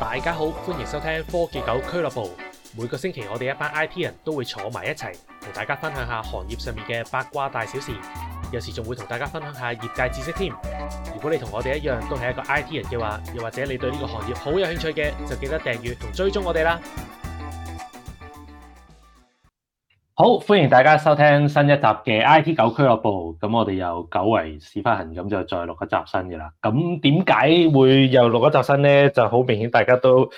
大家好，歡迎收聽科技狗俱樂部。每個星期我哋一班 IT 人都會坐埋一齊，同大家分享下行業上面嘅八卦大小事，有時仲會同大家分享下業界知識添。如果你同我哋一樣都係一個 IT 人嘅話，又或者你對呢個行業好有興趣嘅，就記得訂閱同追蹤我哋啦。好，歡迎大家收聽新一集嘅 I T 九俱樂部。咁我哋又久違試翻行，咁就再錄一集新嘅啦。咁點解會又錄一集新咧？就好明顯，大家都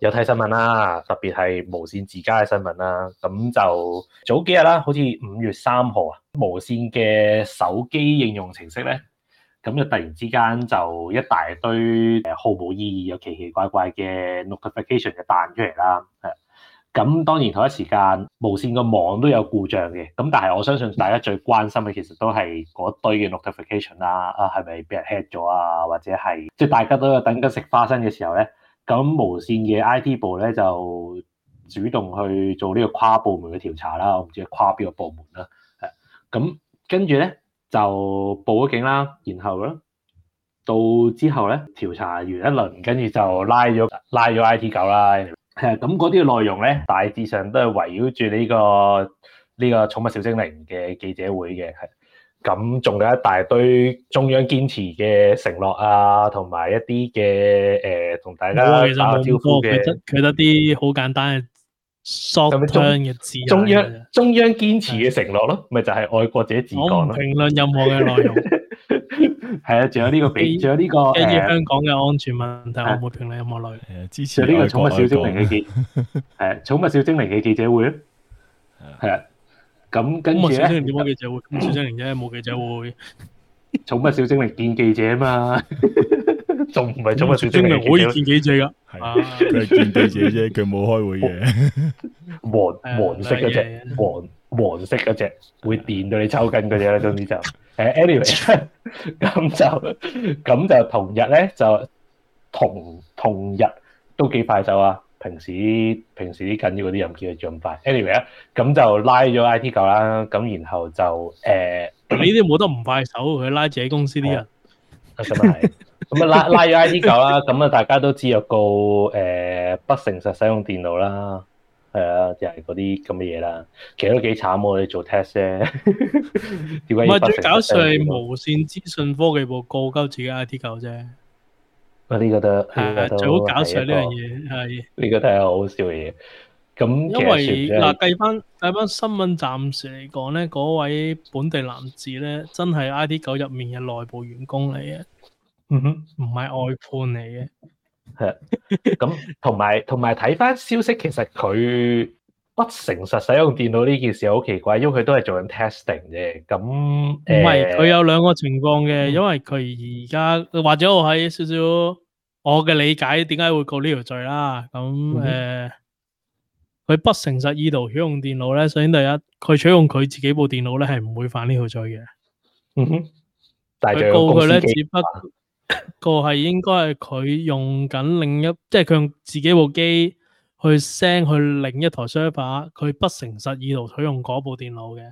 有睇新聞啦，特別係無線自家嘅新聞啦。咁就早幾日啦，好似五月三號啊，無線嘅手機應用程式咧，咁就突然之間就一大堆誒毫無意義又奇奇怪怪嘅 notification 就彈出嚟啦，係。咁當然同一時間無線個網都有故障嘅，咁但係我相信大家最關心嘅其實都係嗰堆嘅 notification 啦，啊係咪俾人 hack 咗啊，或者係即係大家都有等緊食花生嘅時候咧，咁無線嘅 IT 部咧就主動去做呢個跨部門嘅調查啦，我唔知係跨邊個部門啦，係咁跟住咧就報咗警啦，然後咧到之後咧調查完一輪，跟住就拉咗拉咗 IT 狗啦。係咁，嗰啲內容咧，大致上都係圍繞住呢個呢個寵物小精靈嘅記者會嘅，係。咁仲有一大堆中央堅持嘅承諾啊，同埋一啲嘅誒，同、呃、大家打招呼嘅。佢得啲好簡單嘅 shorten 嘅字。中央中央堅持嘅承諾咯，咪就係、是、愛國者自講咯，我唔評論任何嘅內容。 係 啊，仲有呢、這個俾，仲有呢個香港嘅安全問題，嗯、我冇評論，有冇女？就呢個寵物小精靈嘅記，係寵、啊、物小精靈嘅記者會啊，係啊，咁跟住咧點開記者會？咁、啊、小精靈啫，冇記者會。寵、啊、物小精靈、啊嗯嗯、見記者嘛？仲唔係寵物小精靈可以見記者噶？係佢係見記者啫，佢冇、啊啊、 開會嘅 黃黃色嗰隻、啊、黃。Yeah, 黃色嗰隻會電到你抽筋嗰隻啦，總之就誒，anyway，咁就咁就同日咧就同同日都幾快手啊！平時平時啲緊要嗰啲又唔見佢咁快，anyway 啊，咁就拉咗 IT 狗啦，咁然後就誒，你哋冇得唔快手，佢拉自己公司啲人，咁啊係，咁啊拉拉咗 IT 狗啦，咁啊大家都知有個誒不誠實使用電腦啦。係啊，係嗰啲咁嘅嘢啦，其實都幾慘喎，啊。你做 test 咧，唔 係最搞笑係無線資訊科技部告鳩自己 I T 狗啫。我哋覺得係最好搞笑呢樣嘢，係，啊，呢，這個都係，這個，好笑嘅。咁，啊，因為嗱，計翻計翻新聞，暫時嚟講咧，嗰位本地男子咧，真係 I T 狗入面嘅內部員工嚟嘅，唔唔係外判嚟嘅。係 咁，同埋同埋睇翻消息，其實佢不誠實使用電腦呢件事好奇怪，因為佢都係做緊 testing 啫。咁唔係，佢、嗯呃、有兩個情況嘅、嗯，因為佢而家或者我喺少少我嘅理解，點解會告呢條罪啦？咁誒，佢、嗯呃、不誠實意圖使用電腦咧，首先第一，佢取用佢自己部電腦咧係唔會犯呢條罪嘅。嗯、哼，但係佢告佢咧，只不過。個係應該係佢用緊另一，即係佢用自己部機去 send 去另一台 server，佢不誠實意圖採用嗰部電腦嘅。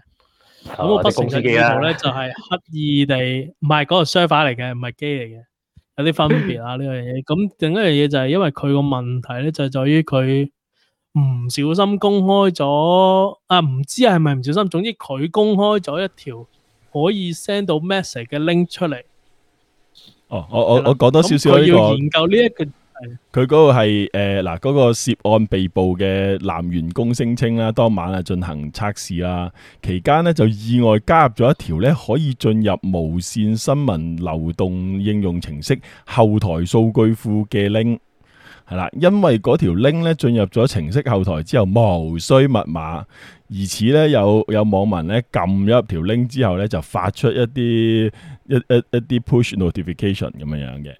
咁、哦個不誠實意圖咧就係刻意地，唔係嗰個 server 嚟嘅，唔係機嚟嘅，有啲分別啊呢樣嘢。咁 另一樣嘢就係因為佢個問題咧就係在於佢唔小心公開咗，啊唔知係咪唔小心，總之佢公開咗一條可以 send 到 message 嘅 link 出嚟。哦，我、嗯、我我講多少少一、這個、要研究呢一個、就是。佢嗰個係誒嗱，嗰、呃嗰個涉案被捕嘅男員工聲稱啦，當晚啊進行測試啊，期間呢，就意外加入咗一條呢可以進入無綫新聞流動應用程式後台數據庫嘅 link，係啦，因為嗰條 link 咧進入咗程式後台之後，無需密碼，而此呢，有有網民呢撳咗入條 link 之後呢，就發出一啲。一一一啲 push notification 咁樣樣嘅，誒、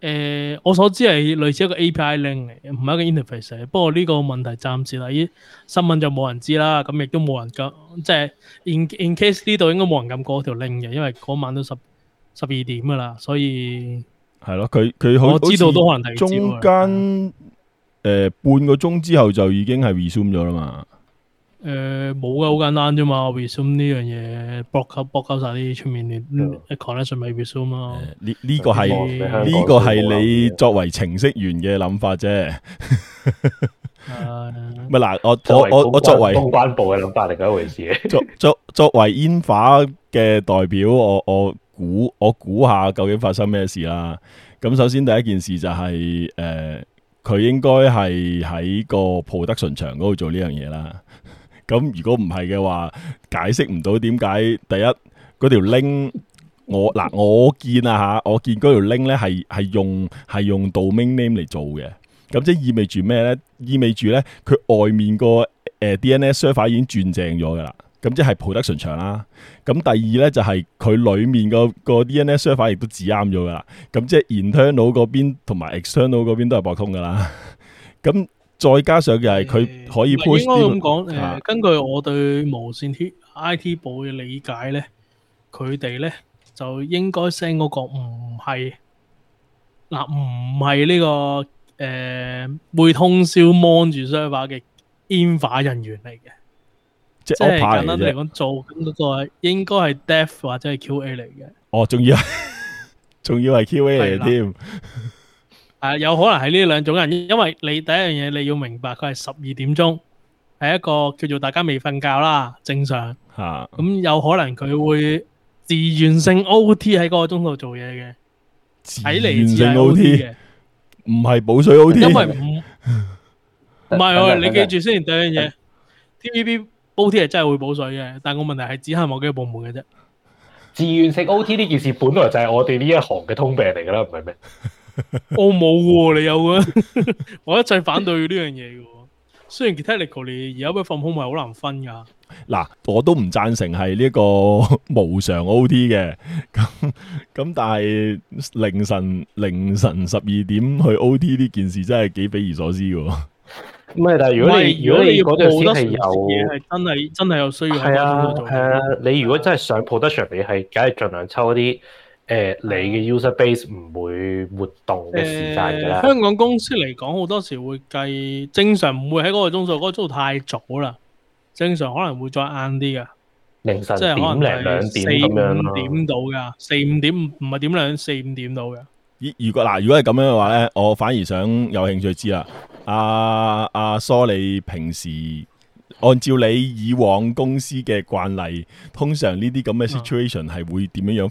欸，我所知係類似一個 API link 嚟嘅，唔係一個 interface。不過呢個問題暫時啦，依新聞就冇人知啦，咁亦都冇人咁，即係 in in case 呢度應該冇人敢過條 link 嘅，因為嗰晚都十十二點噶啦，所以係咯，佢佢好我知道都可能中間誒、呃、半個鐘之後就已經係 resume 咗啦嘛。誒、呃，冇㗎，好簡單啫嘛。resume 呢樣嘢，駁交駁交晒啲出面啲，connection 未 resume 嘛？呢呢、呃這個係呢、呃這個係你作為程式員嘅諗法啫、啊。咪、啊、嗱、啊，我我我我作為公關部嘅諗法另一回事作。作作作為煙花嘅代表，我我估我估下究竟發生咩事啦。咁首先第一件事就係、是、誒，佢、呃、應該係喺個普德順場嗰度做呢樣嘢啦。咁如果唔係嘅話，解釋唔到點解第一嗰條 link 我嗱我見啊吓，我見嗰條 link 咧係係用係用 domain name 嚟做嘅，咁即意味住咩咧？意味住咧佢外面個誒 DNS server 已經轉正咗嘅啦，咁即係抱德順暢啦。咁第二咧就係佢裏面個 DNS server 亦都指啱咗噶啦，咁即 internal 嗰邊同埋 external 嗰邊都係博通噶啦，咁。再加上嘅係佢可以 push。應該咁講，誒，根據我對無線 IT 部嘅理解咧，佢哋咧就應該 send 嗰個唔係嗱唔係呢個誒會通宵 mon 住 server 嘅 infra 人員嚟嘅，即係簡單嚟講做咁嗰個應該係 deaf 或者係 QA 嚟嘅。哦，仲要係，仲要係 QA 嚟添。係有可能係呢兩種人，因為你第一樣嘢，你要明白佢係十二點鐘，係一個叫做大家未瞓覺啦，正常。吓，咁有可能佢會自願性 OT 喺嗰個鐘度做嘢嘅，自願性 OT 嘅，唔係補水 OT。因為唔唔係，你記住先。第二樣嘢 TVB OT 係真係會補水嘅，但我問題係只係某幾個部門嘅啫。自願性 OT 呢件事本來就係我哋呢一行嘅通病嚟噶啦，唔係咩？我冇喎，你有啊！ 我一切反對呢樣嘢嘅。 雖然 technical 你有咩放空係好難分噶。嗱，我都唔贊成係呢個無償 OT 嘅。咁咁，但係凌晨凌晨十二點去 OT 呢件事真係幾匪夷所思嘅。唔係，但係如果你如果你要鋪得有嘢，係真係真係有需要係啊。你如果真係想鋪得上，你係梗係盡量抽一啲。誒、呃，你嘅 user base 唔會活動嘅時間噶啦。香港公司嚟講，好多時會計，正常唔會喺嗰個鐘數，嗰、嗰個鐘太早啦。正常可能會再晏啲噶，凌晨點零兩點四五點到噶，四五點唔係點兩四五點到嘅。如果嗱，如果係咁樣嘅話咧，我反而想有興趣知啦。阿阿蘇，啊、你平時按照你以往公司嘅慣例，通常呢啲咁嘅 situation 係會點樣樣？嗯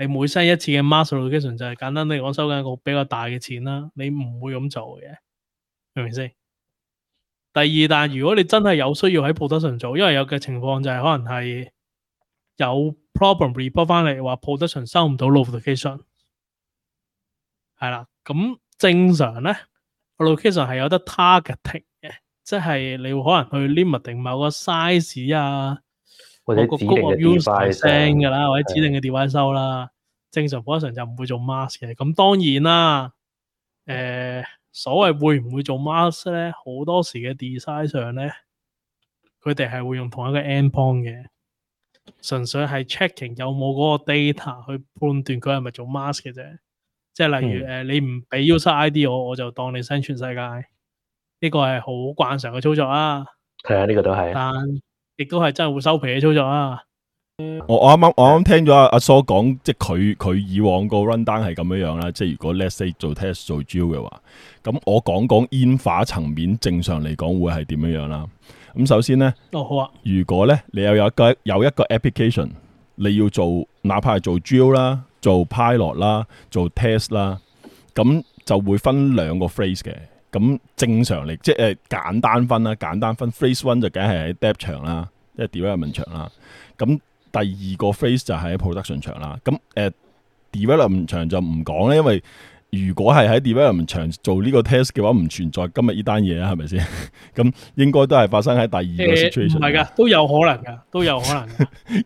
你每升一次嘅 master location 就係簡單嚟講收緊一個比較大嘅錢啦，你唔會咁做嘅，明唔明先？第二，但如果你真係有需要喺 production 做，因為有嘅情況就係可能係有 problem report 返嚟話 production 收唔到 location，係啦，咁正常咧 location 係有得 target 嘅，即係你會可能去 limit 某個 size 啊。或者指定嘅 device，噶啦，或者指定嘅 device 收啦。正常 person 就唔會做 mask 嘅。咁當然啦。誒、呃，所謂會唔會做 mask 咧？好多時嘅 design 上咧，佢哋係會用同一個 endpoint 嘅，純粹係 checking 有冇嗰個 data 去判斷佢係咪做 mask 嘅啫。即係例如誒、嗯，你唔俾 user ID 我，我就當你 send 全世界。呢、這個係好慣常嘅操作啦。係啊，呢、這個都係。但亦都係真係會收皮嘅操作啊，我剛剛，我我啱啱我啱聽咗阿阿蘇講，即係佢佢以往個 run down 係咁樣樣啦。即係如果 let's say 做 test 做 jo 嘅話，咁我講講煙化層面正常嚟講會係點樣樣啦。咁首先咧，哦，好啊，如果咧你又有一個有一個 application 你要做，哪怕係做 jo 啦、做 pilot 啦、做 test 啦，咁就會分兩個 phrase 嘅。咁正常嚟，即係誒簡單分啦，簡單分 phase one 就梗係喺 depth 場啦，即係 development 場啦。咁第二個 phase 就係喺 production 場啦。咁誒 development 場就唔講咧，因為如果係喺 development 場做呢個 test 嘅話，唔存在今日呢單嘢啦，係咪先？咁 應該都係發生喺第二個 situation，係噶，都有可能噶，都有可能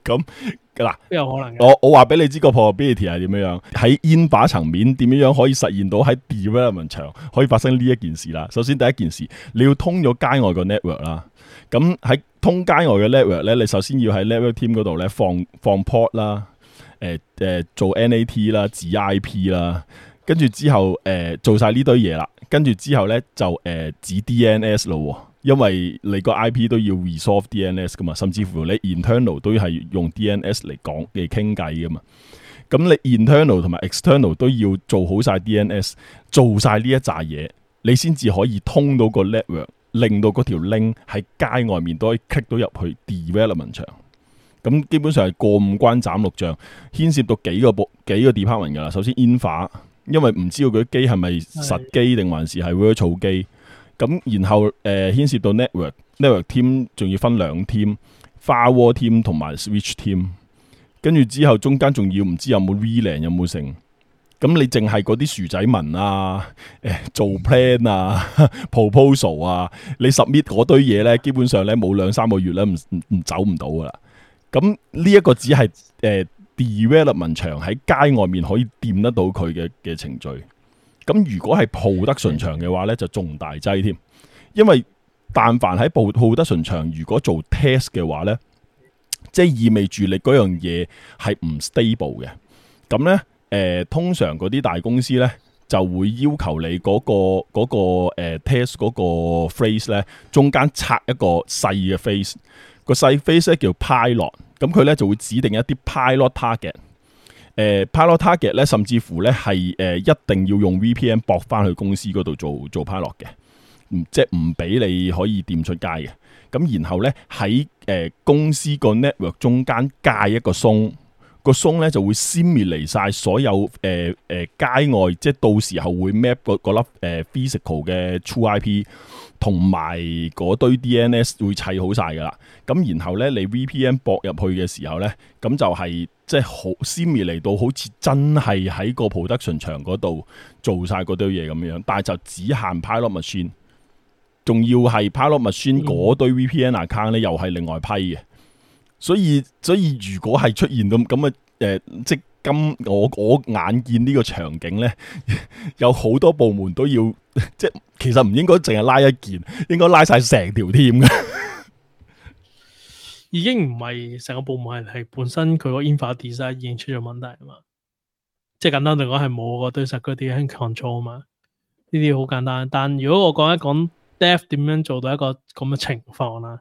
咁。 嗱，有可能。我我話俾你知個 probability 係點樣，喺 infra 層面點樣可以實現到喺 development 場可以發生呢一件事啦。首先第一件事，你要通咗街外個 network 啦。咁喺通街外嘅 network 咧，你首先要喺 network team 嗰度咧放放 port 啦，誒、呃、誒、呃、做 nat 啦，指 ip 啦，跟住之後誒、呃、做晒呢堆嘢啦，跟住之後咧就誒、呃、指 dns 咯。因為你個 IP 都要 resolve DNS 噶嘛，甚至乎你 internal 都係用 DNS 嚟講嚟傾偈噶嘛。咁你 internal 同埋 external 都要做好晒 DNS，做晒呢一揸嘢，你先至可以通到個 network，令到嗰條 link 喺街外面都可以 kick 到入去 development 場。咁基本上係過五關斬六將，牽涉到幾個部幾個 department 噶啦。首先 infra，因為唔知道佢機係咪實機定還是係虛擬機。咁然後誒，牽涉到 network network team，仲要分兩 team，firewall team 同埋 switch team，跟住之後中間仲要唔知有冇 VLAN 有冇成，咁你淨係嗰啲薯仔文啊，誒做 plan 啊 proposal 啊，你 submit 嗰堆嘢咧，基本上咧冇兩三個月咧唔唔走唔到噶啦，咁呢一個只係誒 development 場喺街外面可以掂得到佢嘅嘅程序。咁如果係鋪得順長嘅話咧，就重大劑添，因為但凡喺鋪鋪得順長，如果做 test 嘅話咧，即係意味住你嗰樣嘢係唔 stable 嘅。咁咧，通常嗰啲大公司咧就會要求你嗰、嗰個 test 嗰、嗰個 phase 咧，嗰個呃、phase 中間拆一個細嘅 phase，個細 phase 咧叫 pilot，咁佢咧就會指定一啲 pilot target。pilot target 咧，甚至乎咧係、呃、一定要用 VPN 駁翻去公司嗰度做做 pilot 嘅，唔即係唔俾你可以掂出街嘅。咁然後咧喺、呃、公司個 network 中間隔一個 zone。那個松咧就會 simulate 嚟晒所有誒誒，呃呃、街外，即、就、係、是、到時候會 map 嗰粒誒 physical 嘅 true IP，同埋嗰堆 DNS 會砌好晒噶啦。咁然後咧你 VPN 駁入去嘅時候咧，咁就係即係好 simulate 到好似真係喺個 production 場嗰度做晒嗰堆嘢咁樣，但係就只限 pilot machine，仲要係 pilot machine 嗰堆 VPN account 咧又係另外批嘅。所以，所以如果係出現到咁嘅誒，即今我我眼見呢個場景咧，有好多部門都要，即其實唔應該淨係拉一件，應該拉晒成條添嘅。已經唔係成個部門，係本身佢個 infra design 已經出咗問題啊嘛。即係簡單嚟講，係冇個對實嗰啲 control 啊嘛。呢啲好簡單。但如果我講一講 death 點樣做到一個咁嘅情況啦。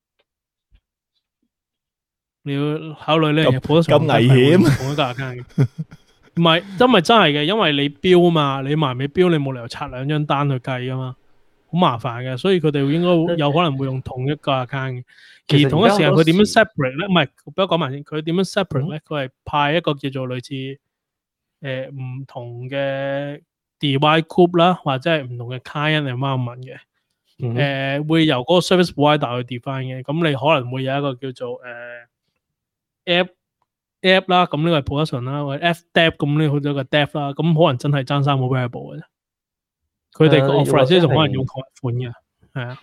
你要考慮咧，咁咁危險，同一個 account 嘅，唔 係，因為真係嘅，因為你標啊嘛，你埋尾標，你冇理由拆兩張單去計啊嘛，好麻煩嘅，所以佢哋應該有可能會用同一個 account 嘅。而同一時間佢點樣 separate 咧？唔係，唔好講埋先，佢點樣 separate 咧？佢、嗯、係派一個叫做類似誒唔、呃、同嘅 DI group 啦，或者係唔同嘅 kind 嘅 moment 嘅，誒、嗯呃、會由嗰個 service provider 去 define 嘅。咁你可能會有一個叫做誒。呃 App App 啦，咁呢個係 production 啦，或者 App Dev 咁呢，好多個 dev 啦，咁可能真係爭三個 variable 嘅啫。佢哋個 offer 即係可能要改款嘅，係啊，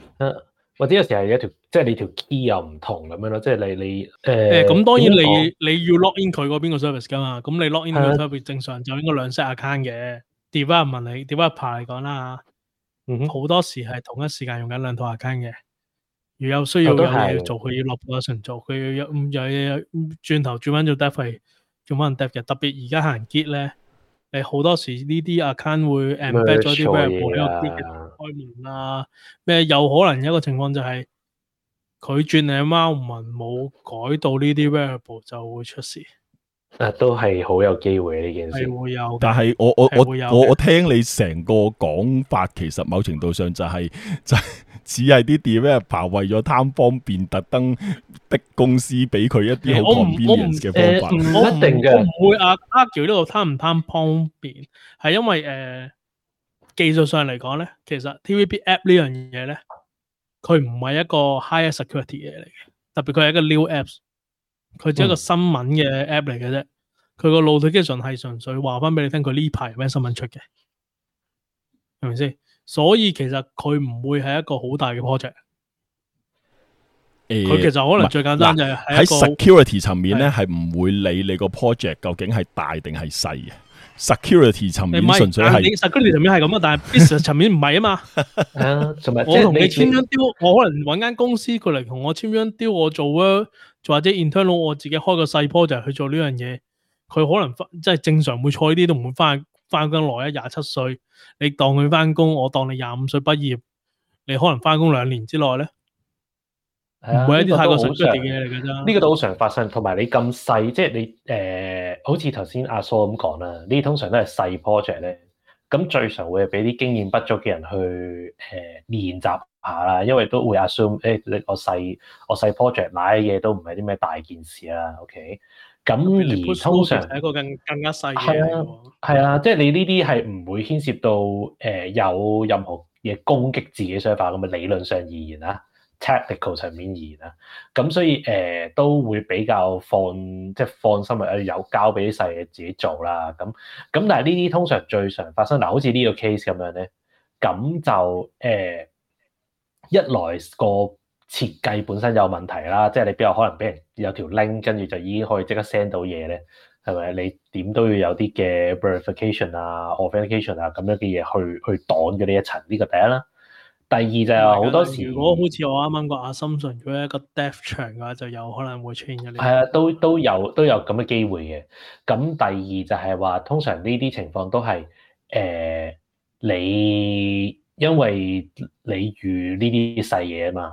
或者、這個、有時係一條，即係你條 key 又唔同咁樣咯，即、就、係、是、你你誒，咁、呃、當然你你要 login 佢嗰邊個 service 噶嘛，咁你 login 佢個 service 正常、啊、就應該兩 set account 嘅。Developer 嚟講啦，好、嗯、多時係同一時間用緊兩套 account 嘅。如有需要有嘢做，佢要落 program 做，佢要，要，要有，又要轉頭轉翻做 def 費，做翻人 def 嘅。特別而家行結咧，誒，好多時呢啲 account 會 embed 咗啲 variable 呢個 key 開門啦，咩有，有可能有一個情況就係佢轉你貓唔聞，冇改到呢啲 variable 就會出事。誒，都係好有機會呢、啊、件事係會有，但係我我我我我聽你成個講法，其實某程度上就係、是、就係、是。只係啲 developer 為咗貪方便，特登逼公司俾佢一啲好 convenient 嘅方法。唔、呃、一定嘅，唔會啊，阿喬呢度貪唔貪方便，係因為誒、呃、技術上嚟講咧，其實 TVB app 呢樣嘢咧，佢唔係一個 higher security 嘢嚟嘅，特別佢係一個 new apps，佢只係一個新聞嘅 app 嚟嘅啫，佢個 location 係純粹話翻俾你聽，佢呢排有咩新聞出嘅，係咪先？所以其實佢唔會係一個好大嘅 project。誒、欸，佢其實可能最簡單、呃、就係喺 security 層面咧，係唔會理你個 project 究竟係大定係細嘅。security 層面純粹係 security 層面係咁啊，但係 business 層面唔係啊嘛。啊， 同埋我同你簽張 deal，我可能揾間公司過嚟同我簽張 deal，我做啊，就或者 intern 咯，我自己開個細 project 去做呢樣嘢，佢可能即係正常會錯呢啲都唔會翻。翻工耐啊，廿七歲，你當佢翻工，我當你廿五歲畢業，你可能翻工兩年之內咧，唔、啊、會是一啲太過實質嘅嘢嚟噶啫。呢、啊這個都好常、這個、常發生，同埋你咁細，即係你誒、呃，好似頭先阿蘇咁講啦，呢啲通常都係細 project 咧，咁最常會俾啲經驗不足嘅人去誒練習下啦，因為都會 assume、欸、我細我細 project 買嘅嘢都唔係啲咩大件事啦，OK。咁而通常係一個更更加細嘅啊，係啊，即、就、係、是、你呢啲係唔會牽涉到誒、呃、有任何嘢攻擊自己的想法，咁嘅理論上而言啦，technical 上面而言啦，咁所以誒、呃、都會比較放即係放心啊，有交俾啲細嘅自己做啦，咁咁但係呢啲通常最常發生嗱，好似呢個 case 咁樣咧，咁就誒、呃、一來個設計本身有問題啦，即係你邊有可能俾人有條 link 跟住就已經可以即刻 send 到嘢咧？係咪？你點都要有啲嘅 verification 啊、authentication 啊咁樣嘅嘢去去擋咗呢一層呢、呢個第一啦。第二就係好多時，如果好似我啱啱個阿心上咗一個 death 牆嘅話，就有可能會出現咗呢啲。係啊，都有都有都有咁嘅機會嘅。咁第二就係話，通常呢啲情況都係誒、呃、你因為你遇呢啲細嘢啊嘛。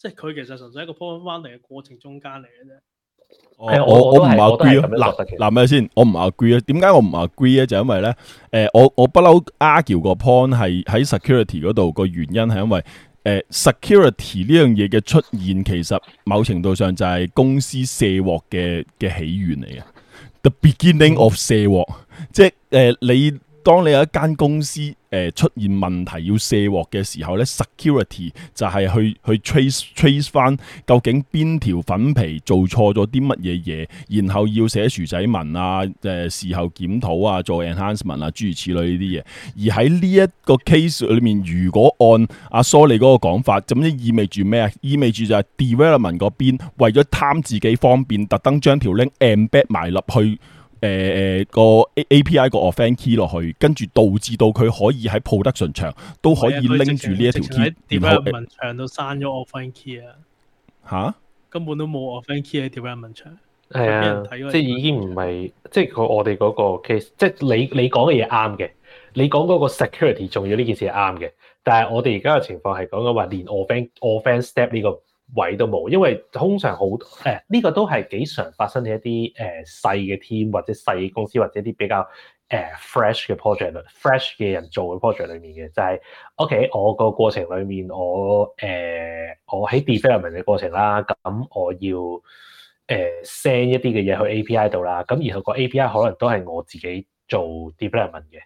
即係佢其實純粹一個 point 翻嚟嘅過程中間嚟嘅啫。我我唔話 agree 嗱嗱咩先？我唔話 agree 啊。點、啊、解我唔話 agree 咧？就因為咧，誒、呃，我我不嬲 argue 個 point 係喺 security 嗰度個原因係因為誒、呃、security 呢樣嘢嘅出現，其實某程度上就係公司卸鑊嘅嘅起源嚟嘅、嗯。The beginning of 卸鑊，即係誒你。當你有一間公司、呃、出現問題要卸鑊嘅時候 security 就係去去 trace trace 翻究竟邊條粉皮做錯咗啲乜嘢嘢，然後要寫薯仔文啊，誒事後檢討啊，做 enhancement 啊諸如此類呢啲嘢。而喺呢一個 case 裏面，如果按阿 Sorry 嗰個講法，咁即意味住咩啊？意味住就係 development 嗰邊為咗貪自己方便，特登將條 link embed 埋落去。誒、呃、誒個 A A P I 個 Offend Key 落去，跟住導致到佢可以喺 production 場，都可以拎住呢一條 Key，然後點入文牆都刪咗 Offend Key 啊！吓，根本都冇 Offend Key 喺點文牆，係、啊、即係已經唔係，即係我我哋嗰個 case，即係你你講嘅嘢啱嘅，你講嗰個 security 重要呢件事係啱嘅，但係我哋而家嘅情況係講緊話，連 Offend Offend Step 呢、這個。位都冇，因為通常好誒呢個都係幾常發生嘅一啲誒細嘅 team 或者細公司，或者啲比較誒、呃、fresh 嘅 project，fresh 嘅人做嘅 project 裡面嘅就係、是、OK，我個過程裡面我誒、呃、我喺 development 嘅過程啦，咁我要誒 send、呃、一啲嘅嘢去 API 度啦，咁然後個 API 可能都係我自己做 development 嘅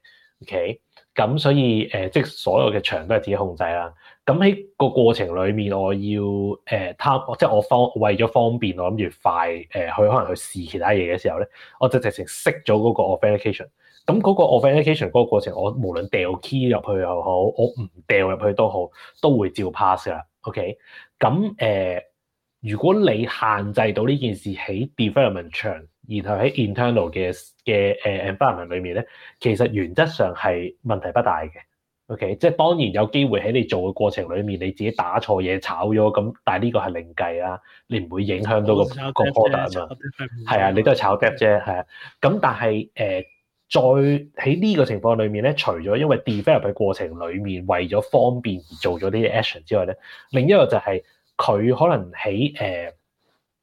，OK。咁所以、呃、即係所有嘅牆都係自己控制啦。咁喺個過程裏面，我要誒貪、呃、即係我方為咗方便，我諗住快誒去、呃、可能去試其他嘢嘅時候咧，我就直情熄咗嗰個 authentication。咁嗰個 authentication 嗰個過程，我無論掉 key 入去又好，我唔掉入去都好，都會照 pass 噶。OK，咁誒、呃，如果你限制到呢件事喺 development 牆。然後喺 internal 嘅嘅誒 environment 裏面咧，其實原則上係問題不大嘅。OK，即係當然有機會喺你做嘅過程裏面，你自己打錯嘢炒咗咁，但係呢個係另計啊，你唔會影響到個個 order 啊嘛。係啊，你都係炒跌啫，係啊。咁但係誒、呃，再喺呢個情況裏面咧，除咗因為 develop 嘅過程裏面為咗方便而做咗啲 action 之外咧，另一個就係、是、佢可能喺誒。呃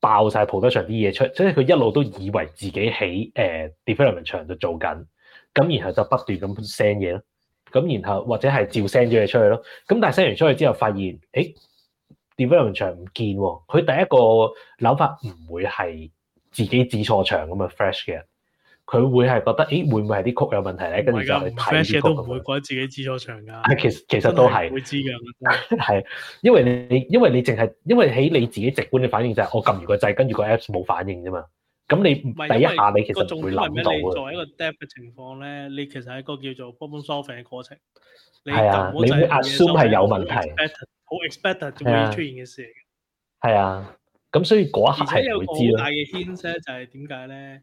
爆晒 production 場啲嘢出，所以佢一路都以為自己喺，呃、development 場度做緊，咁然後就不斷咁 send 嘢咯，咁然後或者係照 send 咗嘢出去咯，咁但係 send 完出去之後發現，咦，欸、development 場唔見喎，佢第一個諗法唔會係自己指錯場咁啊，fresh 嘅佢會係覺得，誒，會唔會係啲曲有問題咧？跟住就去睇啲曲咁咯。Flash 都唔會覺得自己知咗場噶。係其實其實都係會知噶，係因為你你因為你淨係因為喺你自己直觀嘅反應就係我撳住個掣，跟住個 apps 冇反應啫嘛。咁你第一下你其實會諗到嘅。係，因為你因為你淨係因為喺你自己直觀嘅反應就係我撳住個掣，跟住個 apps 冇反應啫嘛。咁你第一下你其實會諗到嘅。係啊，你會 assume 係有問題。好 expected 會出現嘅事。係啊，咁所以嗰一下係會知啦。係啊，咁所以嗰一下係會知啦。因為有好大嘅 ins 咧，就係點解咧？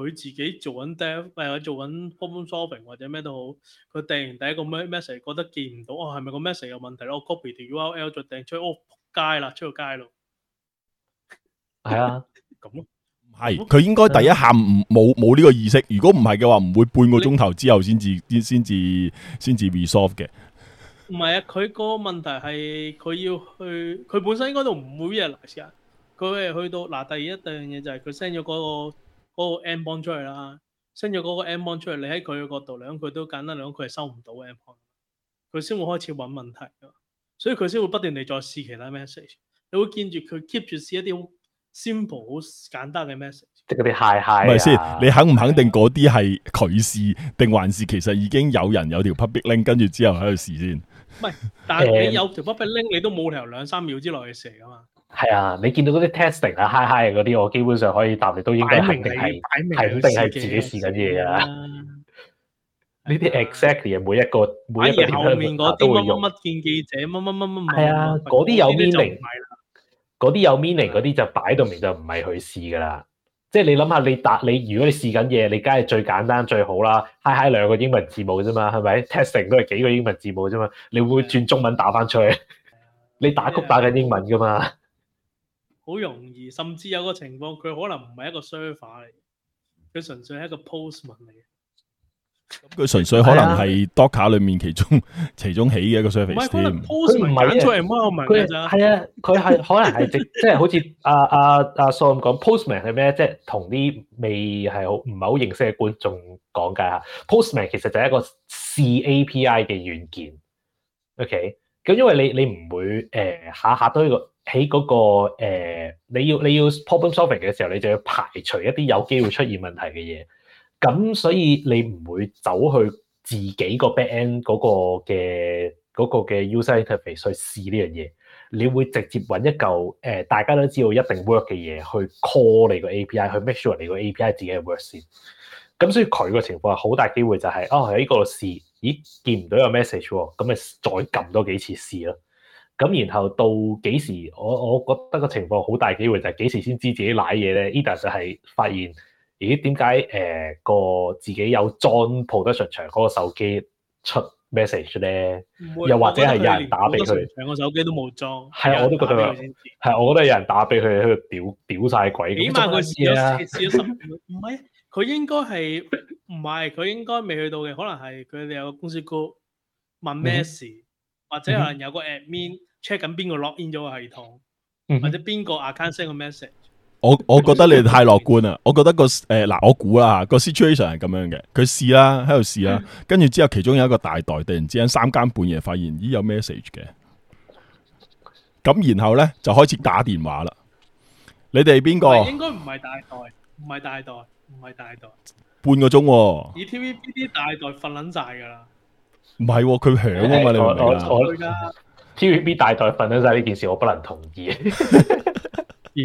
佢自己做緊 demo，或者做緊 phone shopping，或者咩都好。佢訂完第一個 message，覺得見唔到，哦，係咪個 message 有問題咯？我 copy 條 URL 再訂出去，哦，仆街啦，出到街咯。係啊，咁咯，係佢應該第一下唔冇冇呢個意識。如果唔係嘅話，唔會半個鐘頭之後先至先先至先至 resolve 嘅。唔係啊，佢個問題係佢要去佢本身應該都唔會嘅。佢係去到嗱，第一第二樣嘢就係佢 send 咗個。嗰個 M bond 出去啦，升咗嗰個 M bond 出去，你喺佢嘅角度，兩句都簡單，兩句係收唔到 M bond，佢先會開始揾問題，所以佢先會不斷地再試其他 message。你會見住佢 keep 住試一啲好 simple、好簡單嘅 message，即係嗰啲 hi hi，係咪先？你肯唔肯定嗰啲係佢試，定還是其實已經有人有條 public link 跟住之後喺度試先？唔係，但係你有條 public link，你都冇理由兩三秒之內嘅事噶嘛。係啊，你見到嗰啲 testing 啊，hi hi 嗰啲，我基本上可以答你都應該肯定係，擺明係自己試緊嘢啊。呢啲 exactly 每一個每一個後面嗰啲乜乜乜見記者乜乜乜乜係啊，嗰啲有 meaning，嗰啲有 meaning，嗰啲就擺、嗯、到明，明就唔係去試噶啦。即、就、係、是、你諗下，你打你如果你試緊嘢，你梗係最簡單最好啦，hi hi 兩個英文字母啫嘛，係咪 testing 都係幾個英文字母啫嘛？你會轉中文打翻出去，你打曲打緊英文噶嘛？好容易，甚至有個情況，佢可能唔係一個 server 嚟，佢純粹係一個 postman 嚟。咁佢純粹可能係 Docker 裏面其中、啊、其中起嘅一個 service 先。佢唔係嘅，佢係啊，佢、啊、係、啊啊啊、可能係直，即 係好似阿阿阿 Sam 講 postman 係咩，即係同啲未係好唔係好認識嘅觀眾講解下 postman 其實就係一個試 API 嘅軟件。OK，咁因為你你唔會誒、呃、下下都呢個。喺嗰個、那個、呃、你要你要 problem solving 嘅時候，你就要排除一啲有機會出現問題嘅嘢。咁所以你唔會走去自己個 back end 嗰個嘅嘅、那個、user interface 去試呢樣嘢，你會直接揾一嚿、呃、大家都知道一定 work 嘅嘢去 call 你個 API 去 make sure 你個 API 自己嘅 work 先。咁所以佢個情況係好大機會就係、是、哦，喺呢個試，咦見唔到有 message 喎、哦，咁咪再撳多幾次試咯。咁然後到幾時？我我覺得個情況好大機會就係、是、幾時先知自己賴嘢咧 Eddie 就係發現，咦點解誒個自己有裝 protection 牆嗰個手機出 message 咧？又或者係有人打俾佢？兩個手機都冇裝。係我都覺得係，我覺得有人打俾佢喺度屌屌曬鬼。幾萬個字啊！唔係佢應該係唔係佢應該未去到嘅？可能係佢哋有個公司 group 問咩事、嗯，或者可能有個 admin、嗯。check 緊邊個 log in 咗個系統，或者邊個 account send 個 message。我我覺得你哋太樂觀啦，我覺得個誒嗱、呃，我估啦，個 situation 係咁樣嘅，佢試啦，喺度試啦，跟、嗯、住之後其中有一個大袋，突然之間三更半夜發現咦有 message 嘅，咁然後咧就開始打電話啦。你哋邊個？應該唔係大袋，唔係大袋，唔係大、大袋。半個鐘、啊。依 TVB 啲大袋瞓捻晒噶啦。唔係、啊，佢響啊嘛，欸、我你明唔明啊？T.V.B. 大袋瞓得晒呢件事，我不能同意。妖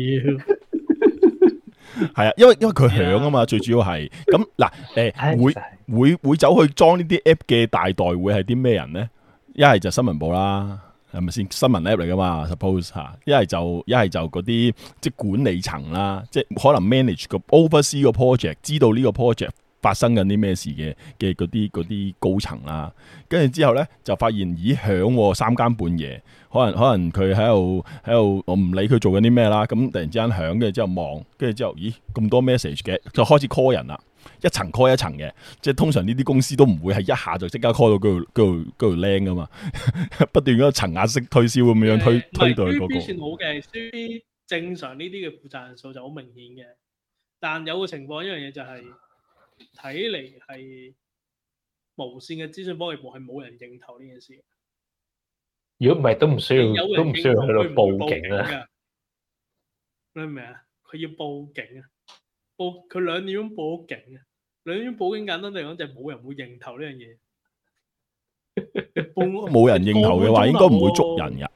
係啊，因為因為佢響啊嘛，最主要係咁嗱誒，會會會走去裝呢啲 app 嘅大袋會係啲咩人咧？一係就新聞部啦，係咪先新聞 app 嚟噶嘛？Suppose 吓一係就一係就嗰啲即係管理層啦，即係可能 manage 個 oversee 個 project，知道呢個 project。發生緊啲咩事嘅嘅嗰啲啲高層啦、啊，跟住之後咧就發現咦響三更半夜，可能可能佢喺度喺度，我唔理佢做緊啲咩啦，咁突然之間響嘅之後望，跟住之後咦咁多 message 嘅，就開始 call 人啦，一層 call 一層嘅，即係通常呢啲公司都唔會係一下就即刻 call 到嗰度嗰條嗰條 link 噶嘛， 不斷咁層壓式推銷咁樣推推到去嗰、那個。呃、算好嘅，B 正常呢啲嘅負責人數就好明顯嘅，但有個情況，一樣嘢就係、是。睇嚟係無線嘅資訊科技部係冇人認頭呢件事。如果唔係，都唔需要，都唔需要喺度報警啦。你明唔明啊？佢要報警啊！報佢兩點鐘報警啊！兩點鐘報警簡單嚟講就係冇人會認頭呢樣嘢。冇人認頭嘅話，應該唔會捉人噶。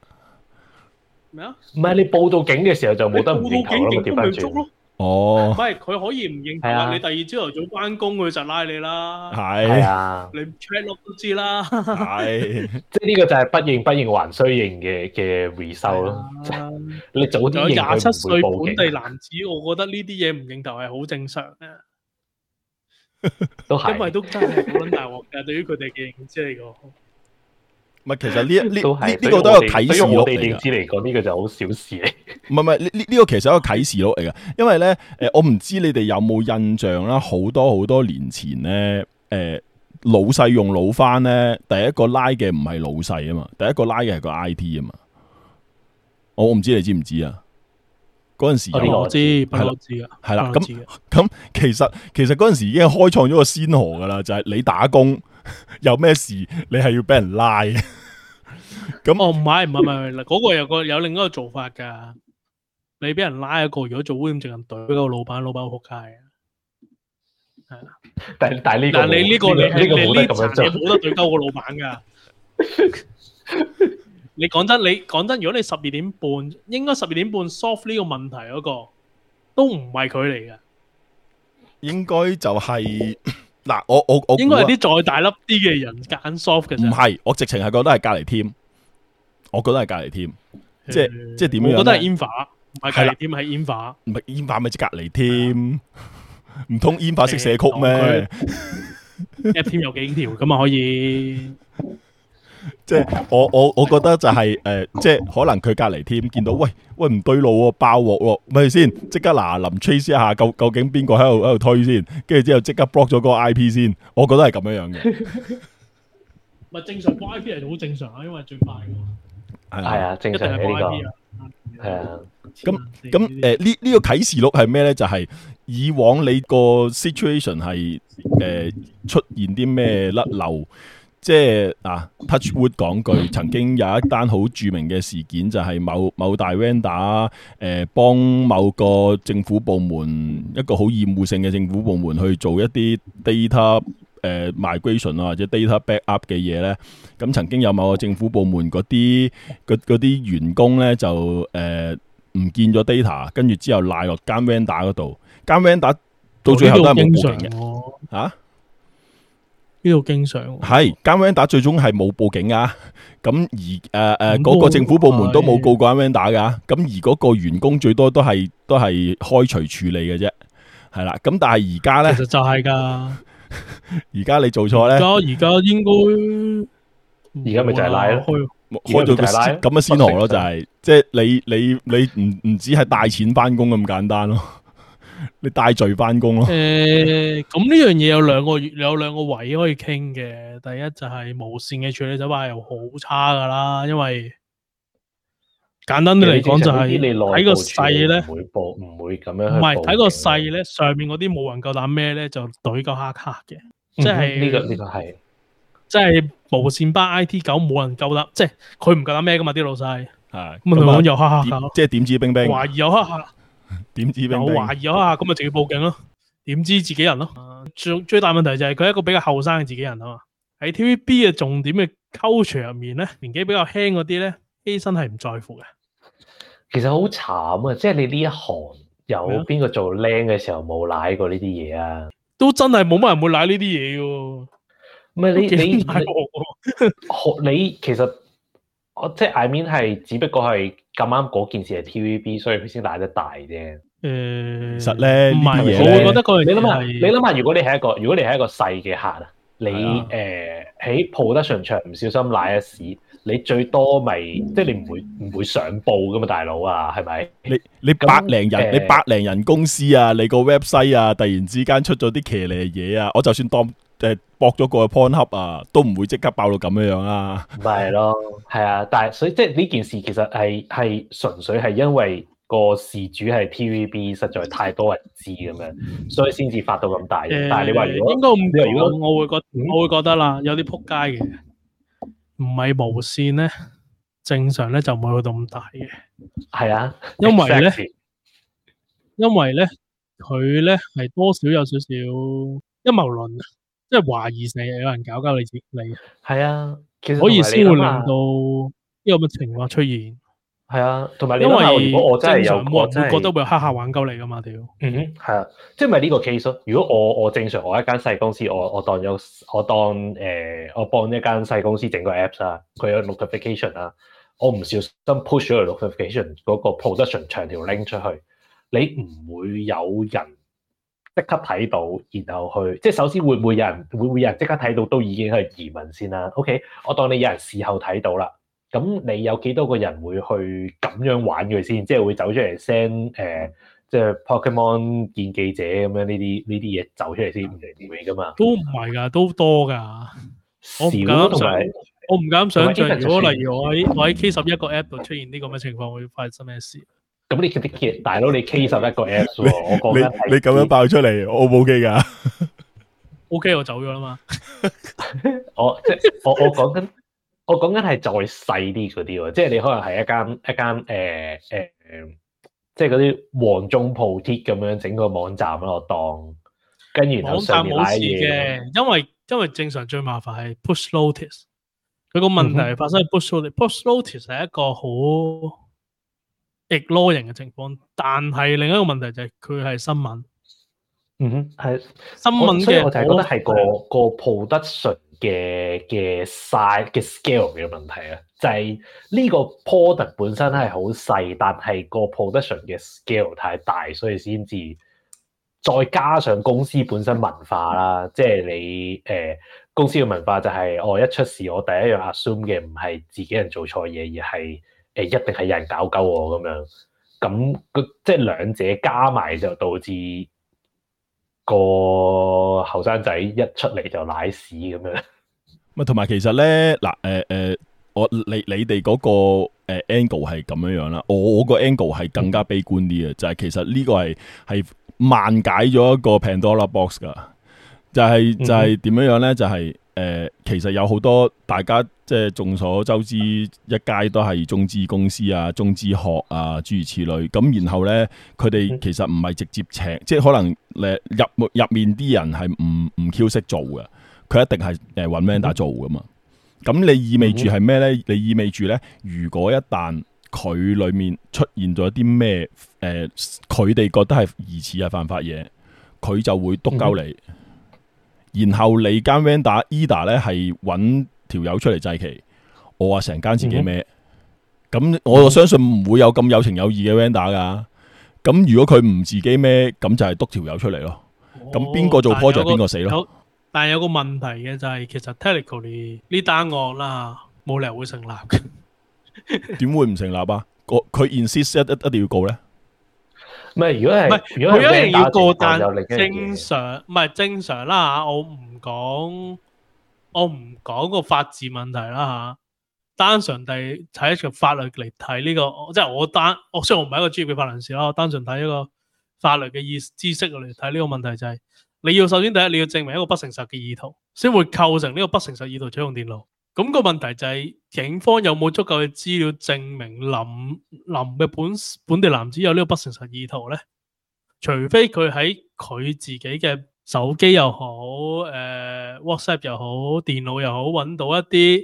咩啊？唔係你報到警嘅時候就冇得唔認頭咯，掉翻轉。哦，唔係佢可以唔認同、啊，你第二朝頭早翻工佢就拉你啦。係啊，你 check 咯都知啦。係呢、啊、 個就係不認不認還需認嘅嘅回收咯。啊、 你早啲認佢唔會報警。廿七歲本地男子，我覺得呢啲嘢唔認同係好正常嘅。都係， 因為都真係好捻大鑊噶。 對於佢哋嘅認知嚟講。唔係，其實呢一呢呢個都有啟示我哋知嚟講，呢個就好小事嚟，啊。唔係唔係，呢呢呢個其實係一個啟示我嚟噶。因為咧，誒、呃，我唔知你哋有冇印象啦。好多好多年前咧，誒、呃，老細用老翻咧，第一個拉嘅唔係老細啊嘛，第一個拉嘅係個 I T 啊嘛。我唔知你知唔知啊？嗰陣時，啊這個，我知，係我知啊。係啦，咁咁，其實其實嗰陣時已經開創咗個先河噶啦，就係、是，你打工，有咩事你？你係要俾人拉？咁我唔係，唔係，唔係嗰個有個有另一個做法噶。你俾人拉一個，如果做污染責任隊，嗰、那個老闆，老闆好仆街嘅。係啦，但但呢個，但你呢、這個，你、這個、你呢層冇得懟鳩個老闆噶。 你講真，你講真，如果你十二點半，應該十二點半 soft 呢個問題嗰、那個都唔係佢嚟嘅，應該就係、是。嗱，我我我應該係啲再大粒啲嘅人揀 soft 嘅啫。唔係，我直情係覺得係隔籬添，我覺得係隔籬添，即係即係點樣？我覺得係煙花，唔係隔籬添係煙花，唔係煙花咪即隔籬添？唔通煙花識寫曲咩？一添有幾條咁啊可以。即係我我我覺得就係誒，即係可能佢隔籬添見到，喂喂，唔對路喎，爆鑊喎，係咪先？即刻嗱臨 trace 一下，究究竟邊個喺度喺度推先？跟住之後即刻 block 咗嗰個 IP 先。我覺得係咁樣樣嘅。咪正常 block IP 係好正常啊，因為最快嘅嘛。係啊，正常嘅呢個係啊。咁咁誒，呢呢個啟示錄係咩咧？就係以往你個 situation 係誒出現啲咩甩漏？即係啊 touchwood 講句，曾經有一單好著名嘅事件，就係、是、某某大 vendor 幫某個政府部門一個好厭惡性嘅政府部門去做一啲 data 誒、呃、migration 啊，或者 data backup 嘅嘢咧。咁曾經有某個政府部門嗰啲嗰啲員工咧就誒唔見咗 data，跟住之後賴落間 vendor 嗰度，間 vendor 到最後都係冇報警嘅。嚇、啊？啊呢度經常係 a n 打最終係冇報警啊！咁而誒誒，嗰、呃嗰個政府部門都冇告過 a n 打 e l 噶，咁而嗰個員工最多都係都係開除處理嘅啫，係啦。咁但係而家咧，其實就係噶，而家你做錯咧，而家應該而家咪就係拉咯，開咗個咁嘅先河咯，就係即係你你你唔唔止係帶錢翻工咁簡單咯。你帶罪翻工咯？誒，咁呢樣嘢有兩個有兩個位可以傾嘅。第一就係無綫嘅處理手法又好差噶啦，因為簡單啲嚟講就係睇個細咧，唔會播唔會咁樣。唔係睇個細咧，上面嗰啲冇人夠膽咩咧，就隊夠黑黑嘅，即係呢個呢個係，即係無綫班 IT 狗冇人夠膽，即係佢唔夠膽咩噶嘛啲老細，咁又黑黑噶咯，即係點指兵兵懷疑有黑客。點知叮叮我懷疑咗下，咁咪就要報警咯？點知自己人咯？最最大問題就係佢一個比較後生嘅自己人啊嘛。喺 TVB 嘅重點嘅 culture 入面咧，年紀比較輕嗰啲咧，犧牲係唔在乎嘅。其實好慘啊！即係你呢一行有邊個做靚嘅時候冇舐過呢啲嘢啊？都真係冇乜人會舐呢啲嘢嘅。唔係你、啊、你學你， 你其實。我即係 I mean 係，只不過係咁啱嗰件事係 TVB，所以佢先打得大啫。嗯，其實咧唔係，我會覺得嗰樣。你諗下，你諗下，如果你係一個，如果你係一個細嘅客啊，你誒喺鋪得順暢，唔、呃、小心瀨一屎，你最多咪、就是嗯、即係你唔會唔會上報噶嘛？大佬啊，係咪？你你百零人，你百零人,人,、呃、人公司啊，你個 website 啊，突然之間出咗啲騎呢嘢啊，我就算當。誒，駁咗個 porn 盒啊，都唔會即刻爆到咁樣樣啊！唔係咯，係啊，但係所以即係呢件事其實係係純粹係因為個事主係 TVB 實在太多人知咁樣，所以先至發到咁大，呃。但係你話如果應該唔係，我我會覺我會覺得啦，嗯，有啲扑街嘅，唔係無綫咧，正常咧就唔會去到咁大嘅。係啊，因為咧，因為咧，佢咧係多少有少少陰謀論。即係懷疑你，有人搞搞你自，你係啊，其實可以先令到有乜情況出現？係啊，同埋因為如果我真係有我覺得會黑客玩鳩你噶嘛屌！嗯哼，係啊，即係咪呢個 case？如果我我正常我一間細公司，我我當咗，我當誒我、呃、我幫一間細公司整個 apps 啊，佢有 notification 啊，我唔小心 push 咗個 notification 嗰個 production 長條 link 出去，你唔會有人。即刻睇到，然後去，即係首先會唔會有人，會唔會有人即刻睇到都已經去移民先啦？OK，我當你有人事後睇到啦。咁你有幾多個人會去咁樣玩佢先？即係會走出嚟 send 誒，即係 Pokemon 見記者咁樣呢啲呢啲嘢走出嚟先，嚟點嘛？都唔係㗎，都多㗎。我唔敢想，我唔敢想像。如果例如我喺、嗯、我喺 K 十一個 app 度出現呢咁嘅情況、嗯，會發生咩事？咁你 K 大佬你 K 十一個 S 喎，我講緊你，你咁樣爆出嚟，我 O 唔 O K？噶？O K 我走咗啦嘛 我。我即係我我講緊我講緊係再細啲嗰啲，即係你可能係一間一間誒誒，即係嗰啲黃中鋪貼咁樣整個網站喺度當，跟住後上面拉嘢。因為因為正常最麻煩係 push notice，佢個問題發生喺 push notice，push、嗯、notice 係一個好。i g 披露型嘅情況，但係另一個問題就係佢係新聞。嗯哼，係新聞嘅，所以我就係覺得係個、嗯、個 production 嘅嘅 size 嘅 scale 嘅問題啊，就係、是、呢個 product 本身係好細，但係個 production 嘅 scale 太大，所以先至再加上公司本身文化啦，即、就、係、是、你誒、呃、公司嘅文化就係、是、我、哦、一出事，我第一樣 assume 嘅唔係自己人做錯嘢，而係。誒一定係有人搞鳩我咁樣，咁個即係兩者加埋就導致個後生仔一出嚟就瀨屎咁樣。咪同埋其實咧嗱、誒、誒，我你你哋嗰個誒 angle 係咁樣樣啦，我個 angle 係更加悲觀啲嘅，就係其實呢個係係漫解咗一個 Pandora box 噶，就係就係點樣樣咧，就係。誒、呃，其實有好多大家即係眾所周知，一街都係中資公司啊、中資學啊諸如此類。咁然後呢，佢哋其實唔係直接請、嗯，即係可能誒、呃、入入面啲人係唔唔 Q 識做嘅，佢一定係誒搵 Manda 做噶嘛。咁、嗯、你意味住係咩呢？你意味住呢？如果一旦佢裏面出現咗啲咩，誒、呃，佢哋覺得係疑似係犯法嘢，佢就會督鳩你。嗯然後你間 van 打 e d a 咧，係揾條友出嚟祭旗，我話成間自己孭？咁、嗯、我相信唔會有咁有情有義嘅 van 打噶。咁如果佢唔自己孭，咁就係督條友出嚟咯。咁、哦、邊個做 project 邊個死咯。但係有個問題嘅就係、是，其實 technically 呢，呢單案啦，冇理由會成立嘅。點 會唔成立啊？個佢 insist 一一定要告咧。唔係，如果係，唔係，佢一定要過單。正常，唔係正常啦吓，我唔講，我唔講個法治問題啦吓。單純地睇一條法律嚟睇呢個，即係我單，我雖然我唔係一個專業嘅法律人士啦，我單純睇一個法律嘅意知識嚟睇呢個問題就係、是，你要首先第一你要證明一個不誠實嘅意圖，先會構成呢個不誠實意圖取用電腦。咁個問題就係，警方有冇足夠嘅資料證明林林嘅本本地男子有呢個不誠實意圖呢？除非佢喺佢自己嘅手機又好、呃，WhatsApp 又好，電腦又好，揾到一啲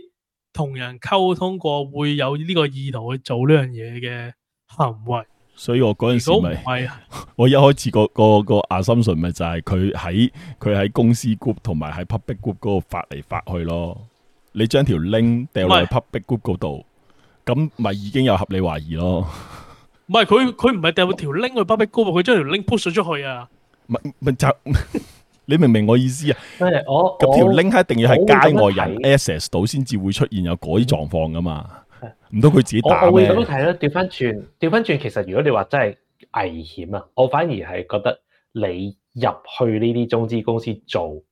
同人溝通過會有呢個意圖去做呢樣嘢嘅行為。所以我嗰陣時， 我一開始、嗰個、嗰個個 assumption 咪就係佢喺佢喺公司 group 同埋喺 public group 嗰個發嚟發去咯。你將條 link 掉落去 public group 嗰度，咁咪已經有合理懷疑咯？唔係佢佢唔係掉條 link 去 public group，佢將條 link push 咗出去啊！唔唔就你明唔明我意思啊？即係我嗰條 link 係一定要係街外人 access 到先至會出現有嗰啲狀況㗎嘛？唔通佢自己打咧？我會咁睇啦，調翻轉，調翻轉，其實如果你話真係危險啊，我反而係覺得你入去呢啲中資公司做。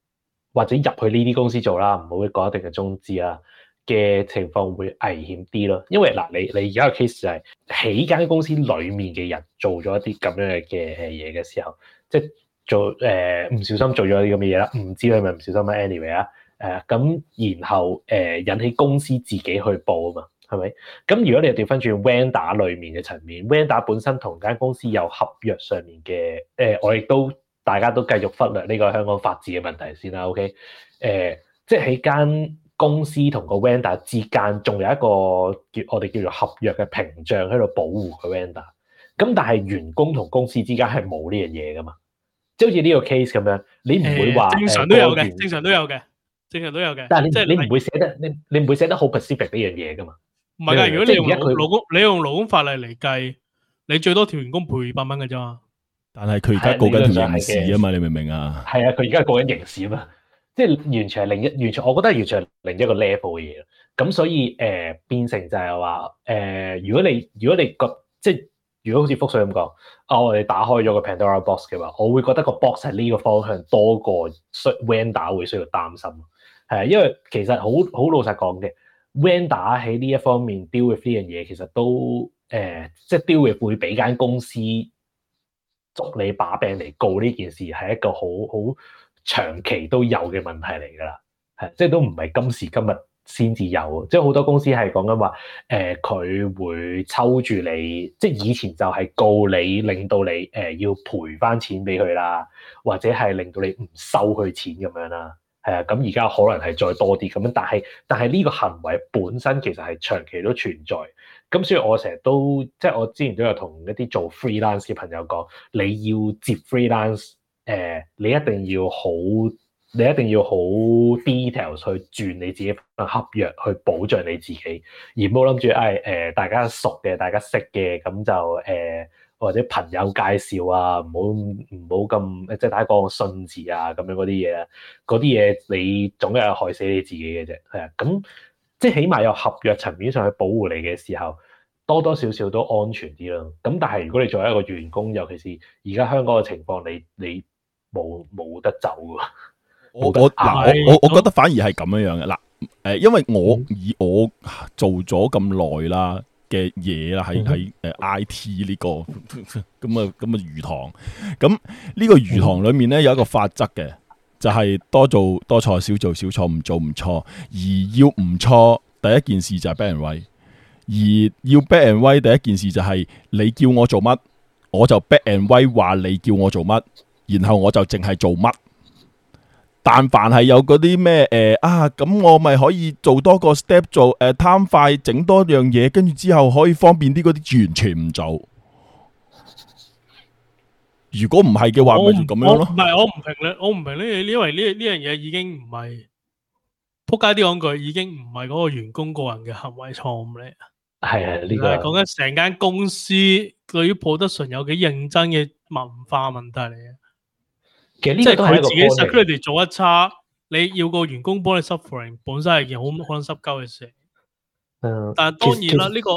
或者入去呢啲公司做啦，唔好講一定嘅中資啊嘅情況會危險啲咯。因為嗱，你你而家嘅 case 就係喺間公司裏面嘅人做咗一啲咁樣嘅嘢嘅時候，即係做誒唔、呃、小心做咗啲咁嘅嘢啦，唔知係咪唔小心咧、啊。Anyway 啊、呃，誒咁然後誒、呃、引起公司自己去報啊嘛，係咪？咁如果你調翻轉 vendor 裡面嘅層面 vendor 本身同間公司有合約上面嘅誒、呃，我亦都。大家都繼續忽略呢個香港法治嘅問題先啦，OK？誒、呃，即係喺間公司同個 vendor 之間，仲有一個叫我哋叫做合約嘅屏障喺度保護個 vendor。咁但係員工同公司之間係冇呢樣嘢㗎嘛？即好似呢個 case 咁樣，你唔會話正常都有嘅，正常都有嘅，正常都有嘅。但係即係你唔、就是、會寫得你你唔會寫得好 specific 呢樣嘢㗎嘛？唔係㗎，如果你用佢勞工、就是，你用勞工法例嚟計，你最多條員工賠百蚊嘅啫嘛。但係佢而家告緊刑事啊嘛，你明唔明啊？係啊，佢而家告緊刑事啊嘛，即、就、係、是、完全係另一完全，我覺得完全係另一個 level 嘅嘢。咁所以誒、呃，變成就係話誒，如果你如果你覺即係如果好似福水咁講，我、哦、哋打開咗個 Pandora Box 嘅話，我會覺得個 box 係呢個方向多過 Wanda 會需要擔心。係啊，因為其實好好老實講嘅，Wanda 喺呢一方面 deal with 呢樣嘢，其實都誒，即、呃、係、就是、deal with 會俾間公司捉你把柄嚟告呢件事係一個好好長期都有嘅問題嚟㗎啦，係即係都唔係今時今日先至有，即係好多公司係講緊話，誒、呃，佢會抽住你，即係以前就係告你，令到你誒要賠翻錢俾佢啦，或者係令到你唔收佢錢咁樣啦，係啊，咁而家可能係再多啲咁樣，但係，但係呢個行為本身其實係長期都存在。咁所以我，我成日都即係我之前都有同一啲做 freelance 嘅朋友講，你要接 freelance，誒你一定要好，你一定要好 details 去轉你自己合約去保障你自己，而唔好諗住誒誒大家熟嘅，大家識嘅，咁就誒、呃、或者朋友介紹啊，唔好唔好咁即係大家講個信字啊，咁樣嗰啲嘢啊嗰啲嘢你總係害死你自己嘅啫，係啊，咁即係起碼有合約層面上去保護你嘅時候。多多少少都安全啲啦，咁但係如果你作為一個員工，尤其是而家香港嘅情況，你你冇冇得走噶？我 我我，我，我覺得反而係咁樣樣嘅嗱，誒，因為我以、嗯、我做咗咁耐啦嘅嘢啦，喺誒 IT 呢、這個咁啊咁嘅魚塘，咁、這、呢、個這個魚塘裏面咧有一個法則嘅，就係、是、多做多錯，少做少錯，唔做唔錯，而要唔錯，第一件事就係俾人喂。而要 back and way，第一件事就係你叫我做乜，我就 back and way 話你叫我做乜，然後我就淨係做乜。但凡係有嗰啲咩誒啊咁，我咪可以做多個 step 做誒貪、啊、快，整多樣嘢，跟住之後可以方便啲嗰啲，完全唔做。如果唔係嘅話，咪就咁樣咯。唔係我唔評你，我唔評呢，因為呢呢樣嘢已經唔係仆街啲講句，已經唔係嗰個員工個人嘅行為錯誤咧。係啊，呢、這個係講緊成間公司對於 p o r t i o n 有幾認真嘅文化問題嚟嘅。其實呢個都係佢自己 security 做得差，你要個員工幫你 suffering，本身係件好可能濕鳩嘅事。嗯、但係當然啦，呢、就是就是這個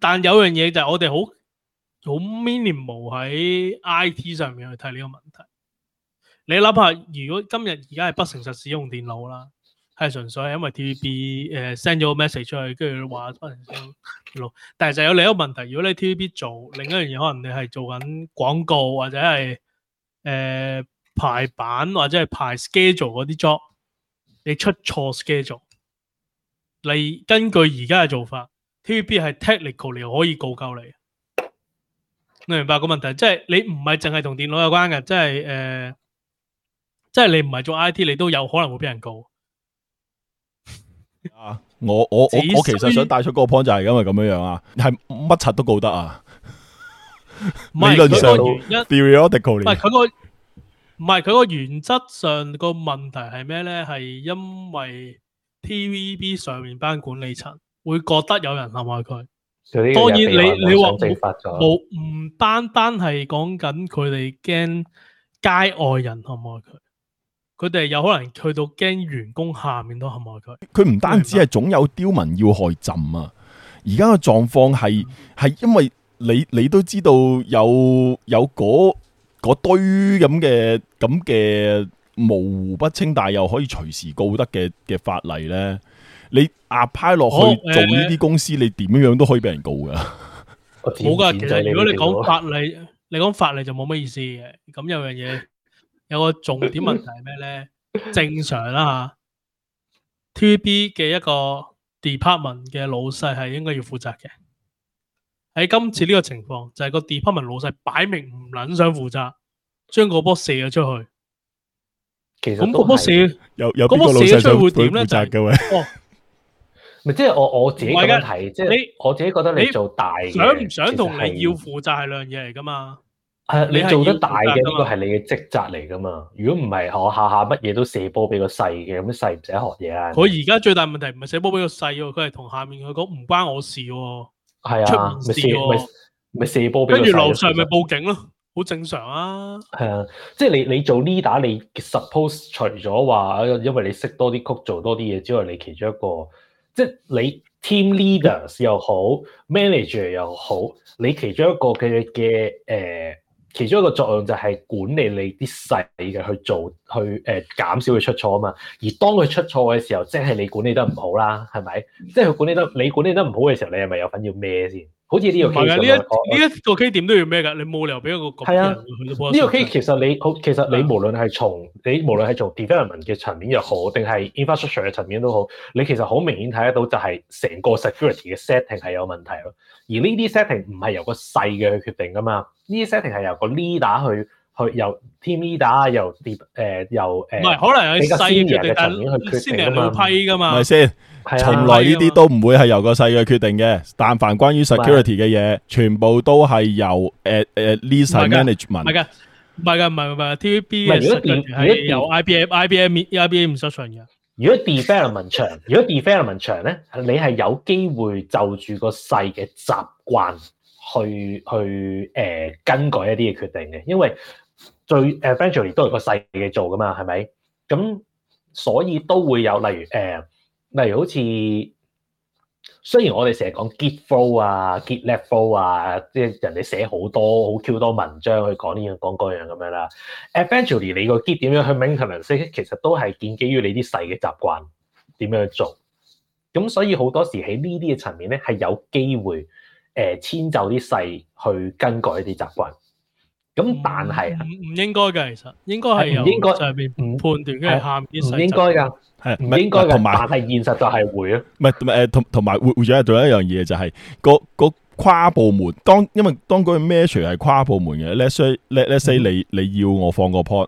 但有樣嘢就我哋好好 minimal 喺 IT 上面去睇呢個問題。你諗下，如果今日而家係不誠實使用電腦啦。係純粹係因為 T.V.B. 誒 send 咗個 message 出去，跟住話可能想但係就有另一個問題，如果你喺 T.V.B. 做另一樣嘢，可能你係做緊廣告或者係誒、呃、排版或者係排 schedule 嗰啲 job，你出錯 schedule，你根據而家嘅做法，T.V.B. 係 technical，你可以告鳩你，你明白個問題？即係你唔係淨係同電腦有關嘅，即係誒，即係你唔係做 I.T.，你都有可能會俾人告。啊！我我我我其實想帶出個 point 就係、 那個、因，因為咁樣樣啊，係乜柒都告得啊！理論上，唔係佢個唔係佢個原則上個問題係咩咧？係因為 TVB 上面班管理層會覺得有人陷害佢。當然你，你你話冇冇唔單單係講緊佢哋驚街外人陷害佢。佢哋有可能去到驚員工下面都陷害佢。佢唔單止係總有刁民要害朕啊！而家嘅狀況係係因為你你都知道有有嗰堆咁嘅咁嘅模糊不清，但又可以隨時告得嘅嘅法例咧。你 apply 落去做呢啲公司，哦欸、你點樣都可以俾人告噶。冇噶， 其實如果你講法例，你講法例就冇乜意思嘅。咁有樣嘢。有個重點問題係咩咧？正常啦，吓，TVB 嘅一個 department 嘅老細係應該要負責嘅。喺今次呢個情況，就係個 department 老細擺明唔捻想負責，將個波射咗出去。其實咁波射出去會點咧？有有邊個老細就會負責嘅喂。咪即係我我自己覺得係即係你我自己覺得你做大想唔想同你要負責係兩樣嘢嚟噶嘛。係你做得大嘅，呢個係你嘅、這個、職責嚟噶嘛？如果唔係，我下下乜嘢都射波俾個細嘅，咁細唔使學嘢啊？佢而家最大問題唔係射波俾個細，佢係同下面佢講唔關我事，係啊，出咪、啊啊、射波、啊，跟住樓上咪報警咯，好正常啊。係啊，即係你你做 leader，你 suppose 除咗話，因為你識多啲曲，做多啲嘢之外，你其中一個，即係你 team leaders 又好，manager 又好，你其中一個嘅嘅誒。呃其中一個作用就係管理你啲細嘅去做，去誒減少佢出錯啊嘛。而當佢出錯嘅時候，即係你管理得唔好啦，係咪？即係佢管理得，你管理得唔好嘅時候，你係咪有份要孭先？好似呢個機唔呢一呢一個機點都要咩㗎、啊？你冇理由俾個係啊呢個機其實你好，啊、其實你無論係從你無論係從 development 嘅層面又好，定係 infrastructure 嘅層面都好，你其實好明顯睇得到就係成個 security 嘅 setting 係有問題咯。而呢啲 setting 唔係由個細嘅去決定㗎嘛，呢啲 setting 係由個 leader 去。去由 T M E 打，又跌誒，又誒，唔係可能有細嘅層面去決定噶嘛？係咪先？從、啊、來呢啲都唔會係由個細嘅決定嘅。但凡關於 security 嘅嘢，全部都係由誒誒 l i a s e management。係噶，唔係噶，唔係噶，唔係 T V B 嘅 security 係由 I B M，I B M，I B A 唔出上嘅 如果 development 長，如果 development 長咧，你係有機會就住個細嘅習慣去去誒、呃、更改一啲嘅決定嘅，因為。最 eventually 都係個細嘅做噶嘛，係咪？咁所以都會有，例如、呃、例如好似雖然我哋成日講 Git flow 啊 Git level 啊，即係、啊、人哋寫好多好 Q 多文章去講呢、這個、樣講嗰樣咁樣啦。Yeah. Eventually 你個 Git 點樣去 maintenance，其實都係建基於你啲細嘅習慣點樣去做。咁所以好多時喺呢啲嘅層面咧，係有機會誒、呃、遷就啲細去更改一啲習慣。咁但係唔唔應該嘅，其實應該係由上邊唔判斷嘅喊啲細。唔應該噶，係唔應該噶，但係現實就係會咯。唔係唔誒同同埋，會會係做一樣嘢就係，個個跨部門當因為當嗰個 measure 係跨部門嘅，let say let let say 你你要我放個 pod，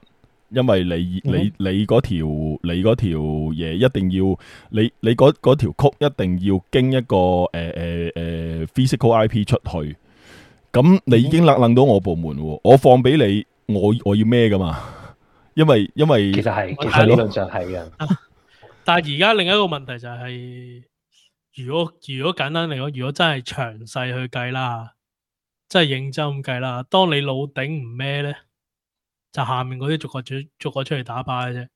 因為你你你嗰條你嗰條嘢一定要，你你嗰嗰條曲一定要經一個誒誒誒 physical IP 出去。咁你已經甩掕到我部門，我放俾你，我我要孭噶嘛？因為因為其實係其實理論上係嘅、啊。但係而家另一個問題就係、是，如果如果簡單嚟講，如果真係詳細去計啦，真係認真咁計啦，當你老頂唔孭咧，就下面嗰啲逐個逐逐個出嚟打靶嘅啫。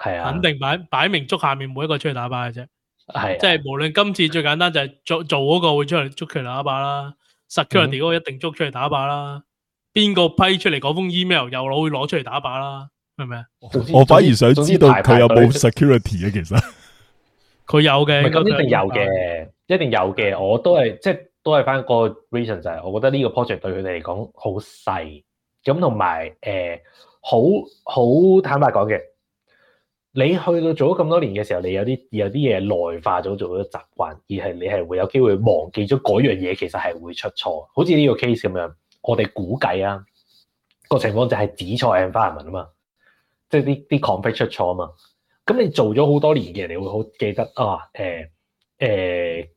係啊，肯定擺擺明捉下面每一個出嚟打靶嘅啫。係、啊，即係無論今次最簡單就係做做嗰個會出嚟捉拳打靶啦。security 嗰個一定捉出嚟打靶啦，邊、嗯、個批出嚟嗰封 email 又攞會攞出嚟打靶啦，明唔明啊？我反而想知道佢有冇 security 啊，其實佢有嘅，咁一定有嘅、嗯，一定有嘅，我都係即係都係翻個 reason 就係、是，我覺得呢個 project 對佢哋嚟講好細，咁同埋誒好好坦白講嘅。你去到做咗咁多年嘅時候，你有啲有啲嘢內化咗做咗習慣，而係你係會有機會忘記咗嗰樣嘢，其實係會出錯。好似呢個 case 咁樣，我哋估計啊、個情況就係指錯 environment 啊嘛，即係啲啲 config 出錯啊嘛。咁你做咗好多年嘅，你會好記得啊誒呢、呃呃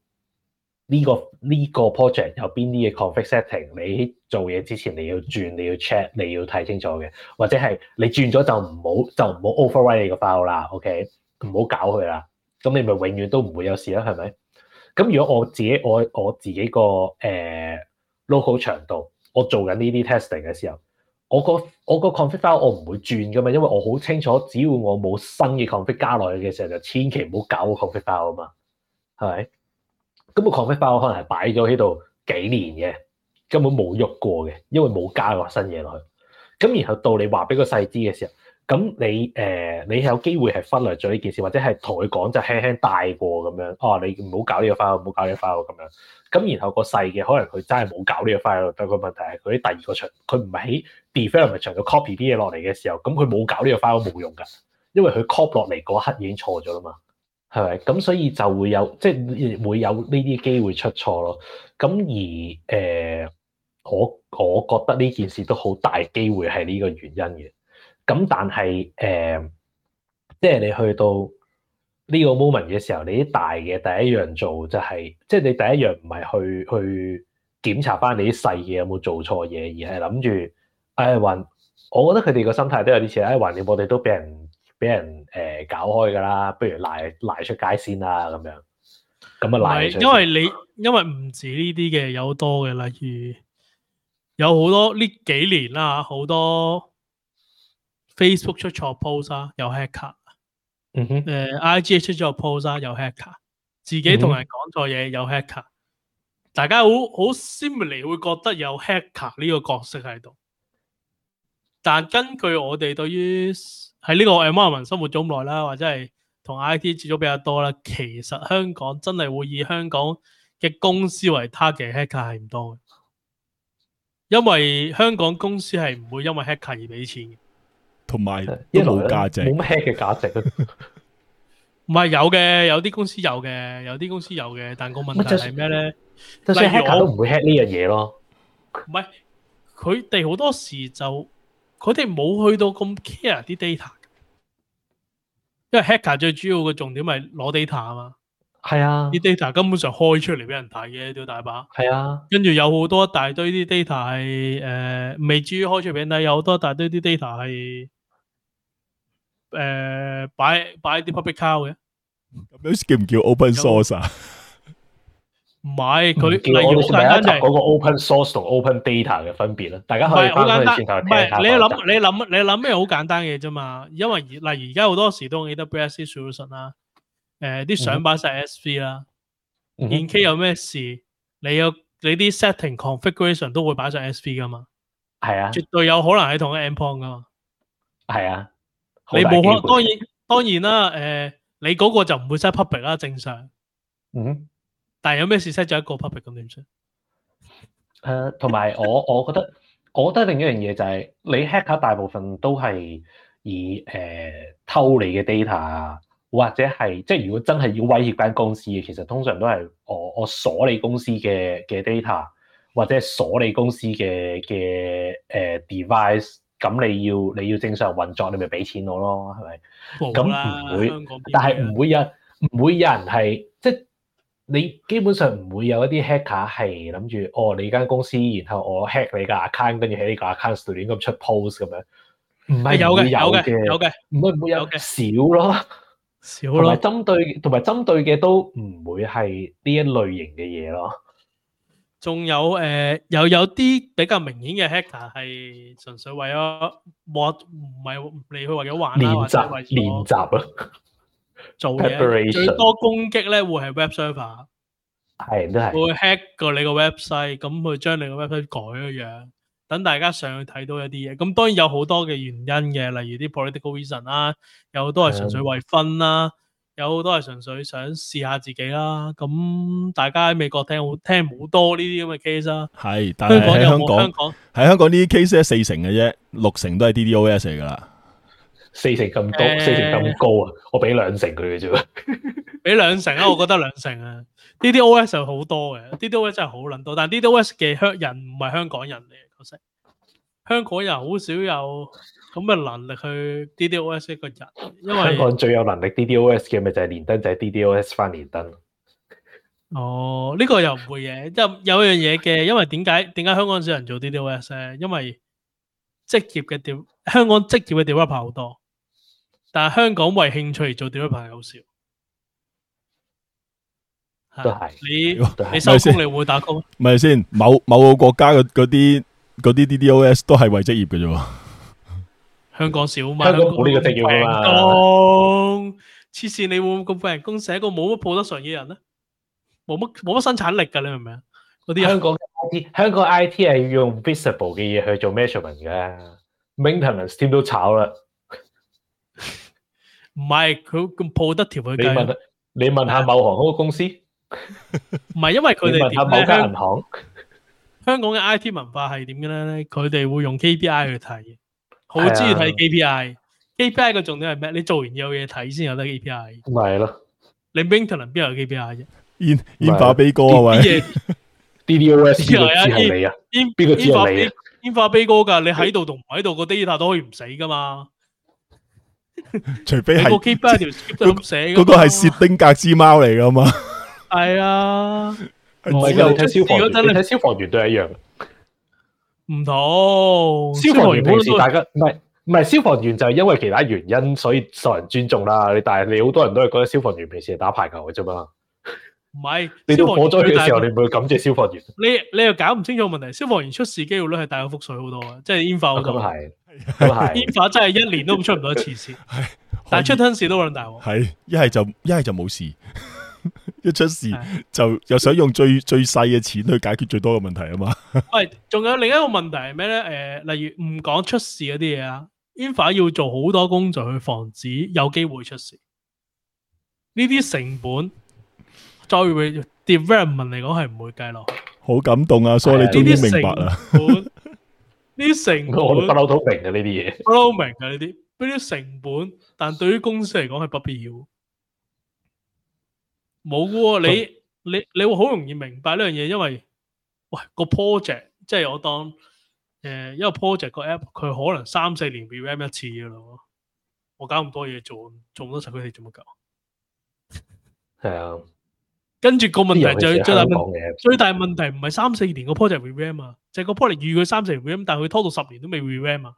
呢個呢、呢個 project 有邊啲嘅 config setting 你？做嘢之前，你要轉，你要 check，你要睇清楚嘅，或者係你轉咗就唔好就唔好 override 你個 file 啦，OK，唔好搞佢啦。咁你咪永遠都唔會有事啦，係咪？咁如果我自己我我自己個誒、呃、local 長度，我做緊呢啲 testing 嘅時候，我個我個 config file 我唔會轉噶嘛，因為我好清楚，只要我冇新嘅 config 加落去嘅時候，就千祈唔好搞個 config file 啊嘛，係咪？咁、個 config file 可能係擺咗喺度幾年嘅。根本冇喐過嘅，因為冇加個新嘢落去。咁然後到你話俾個細知嘅時候，咁你誒、呃、你有機會係忽略咗呢件事，或者係同佢講就輕輕帶過咁樣。哦，你唔好搞呢個 file，唔好搞呢個 file 咁樣。咁然後個細嘅可能佢真係冇搞呢個 file，但係個問題係佢喺第二個場，佢唔喺 default 嘅場度 copy 啲嘢落嚟嘅時候，咁佢冇搞呢個 file 冇用㗎，因為佢 copy 落嚟嗰刻已經錯咗啦嘛，係咪？咁所以就會有即係、就是、會有呢啲機會出錯咯。咁而、呃我我覺得呢件事都好大機會係呢個原因嘅。咁但係誒、呃，即係你去到呢個 moment 嘅時候，你啲大嘅第一樣做就係、是，即係你第一樣唔係去去檢查翻你啲細嘅有冇做錯嘢，而係諗住誒話，我覺得佢哋個心態、哎、都有啲似，橫掂我哋都俾人俾人誒搞開㗎啦，不如賴賴出街先啦、啊、咁樣。咁啊賴出，因為你因為唔止呢啲嘅，有多嘅，例如。有好多呢幾年啦，好多 Facebook 出錯 post 啦、啊，有 hacker，i、嗯呃、G 出錯 post 啦、啊，有 hacker，自己同人講咗嘢有 hacker。大家好好 similar 會覺得有 hacker 呢個角色喺度。但根據我哋對於喺呢個 m 馬文生活中來啦，或者係同 I T 接觸比較多啦，其實香港真係會以香港嘅公司為 target hacker 係唔多嘅。因為香港公司係唔會因為黑客而俾錢嘅，同埋都冇價值，冇乜 hack 嘅價值。唔係有嘅，有啲公司有嘅，有啲公司有嘅，但係個問題係咩咧？即使黑客都唔會 hack 呢樣嘢咯。唔係，佢哋好多時就佢哋冇去到咁 care 啲 data，因為黑客最主要嘅重點係攞 data 啊嘛。係啊，啲 data 根本上開出嚟俾人睇嘅，都大把。係啊，跟住有好多大堆啲 data 係誒未至於開出俾人睇，但有好多大堆啲 data 係誒擺擺啲 public call 嘅。咁樣叫唔叫 open source？啊？唔係，佢叫 我哋下一嗰、就是那個 open source 同 open data 嘅分別啦。大家可以翻去線，唔係，你諗你諗你諗咩好簡單嘅啫嘛？因為嗱而家好多時都用 AWS solution 啦。誒、呃，啲相擺晒 S3 啦，N.K 有咩事，你有你啲 setting configuration 都會擺上 S3 噶嘛？係啊，絕對有可能係同一 endpoint 噶嘛？係啊，你冇可能當然當然啦，誒、呃，你嗰個就唔會 set public 啦，正常。嗯，但係有咩事 set 咗一個 public 咁點算？誒、呃，同埋我我覺得，我覺得另一樣嘢就係、是、你 hacker 大部分都係以誒、呃、偷你嘅 data 啊。或者係即係，如果真係要威脅間公司嘅，其實通常都係我我鎖你公司嘅嘅 data，或者鎖你公司嘅嘅誒 device。咁你要你要正常運作，你咪俾錢我咯，係咪？冇啦，咁唔會，香港冇。但係唔會有，唔會有人係即係你基本上唔會有一啲 hacker 係諗住，哦你間公司，然後我 hack 你個 account，跟住喺呢個 account 度亂咁出 post 咁樣。唔係有嘅，有嘅，有嘅，唔係唔會有嘅少咯。少咯，同埋針對，同埋針對嘅都唔會係呢一類型嘅嘢咯。仲有誒，又有啲比較明顯嘅 hacker 係純粹為咗 what 唔係嚟去為咗玩啦，練習練習啦，做嘢最多攻擊咧會係 web server，係都係會 hack 過你個 website，咁去將你個 website 改咗樣。等大家上去睇到一啲嘢，咁當然有好多嘅原因嘅，例如啲 political reason 啦，有好多係純粹為分啦，有好多係純粹想試下自己啦。咁大家喺美國聽好聽唔好多呢啲咁嘅 case 啦。係，但係喺香港喺香港呢啲 case 係四成嘅啫，六成都係 D D O S 嚟㗎啦。四成咁多，四成咁高啊！我俾兩成佢嘅啫，俾兩成啊！我覺得兩成啊。D D O S 有好多嘅 D D O S 真係好撚多，但係 D D O S 嘅香人唔係香港人嚟。香港又好少有咁嘅能力去 DDoS 一個人，因為香港最有能力 DDoS 嘅咪就係連登，就係、是就是、DDoS 翻連登。哦，呢、這個又唔會嘅，即有樣嘢嘅，因為點解點解香港少人做 DDoS 咧？因為職業嘅調香港職業嘅調約炮好多，但係香港為興趣做調約炮好少。都係你你收工等等你會打工？唔係先，某某個國家嘅嗰啲。嗰啲 DDoS 都係為職業嘅啫喎，香港少嘛，香港冇呢個職業啊嘛，黐線，你會唔會咁俾人公視一個冇乜報得上嘅人咧？冇乜冇乜生產力㗎，你明唔明啊？嗰啲香港 IT，香港 IT 係用 visible 嘅嘢去做 measurement 嘅，Maintenance team 都炒啦，唔係佢咁報得條佢雞，你問你問下某航空公司，唔係因為佢哋某間銀行？香港嘅 IT 文化係點嘅咧？佢哋會用 KPI 去睇，好中意睇 KPI，啊。KPI 嘅重點係咩？你做完有嘢睇先有得 KPI。唔係咯，你 m i n t e r 能邊有 KPI 啫？煙煙花飛哥啊嘛，DDOS 呢度先係你啊！邊個用你？煙花飛哥噶，你喺度同唔喺度個 data 都可以唔死噶嘛？的的嘛嘛 除非係是個 的 KPI 條 script 嗰個係薛丁格之貓嚟噶嘛？係啊。唔係你睇消防，你睇消防員都係一樣，唔同消防員平時大家唔係唔係消防員就係因為其他原因所以受人尊重啦。但你但係你好多人都係覺得消防員平時係打排球嘅啫嘛。唔係你到火災嘅時候，你唔會感謝消防員。你你又搞唔清楚問題。消防員出事機會率係大過覆水好多嘅，即係煙花嗰種。都係係煙花真係一年都出唔到一次 事、事。但係出親事都咁大鑊。係一係就一係就冇事。一出事就又想用最最細嘅錢去解決最多嘅問題啊嘛！喂，仲有另一個問題係咩咧？誒，例如唔講出事嗰啲嘢啊 Infra 要做好多工作去防止有機會出事，呢啲成本再在 development 嚟講係唔會計落。好感動啊！所以你終於明白啦。呢啲成， 成本，我不嬲都明嘅呢啲嘢，不嬲明嘅呢啲。呢啲成本，但對於公司嚟講係不必要。冇噶喎，你你你會好容易明白呢樣嘢，因為喂個 project 即係我當誒，一個 project 個 app 佢可能三四年 revamp 一次噶啦，我搞咁多嘢做，做咁多數據庫做乜鳩？係啊，跟住個問題就最大最大問題唔係三四年個 project revamp 啊，就個 project 預佢三四年 revamp，但係佢拖到十年都未 revamp 啊。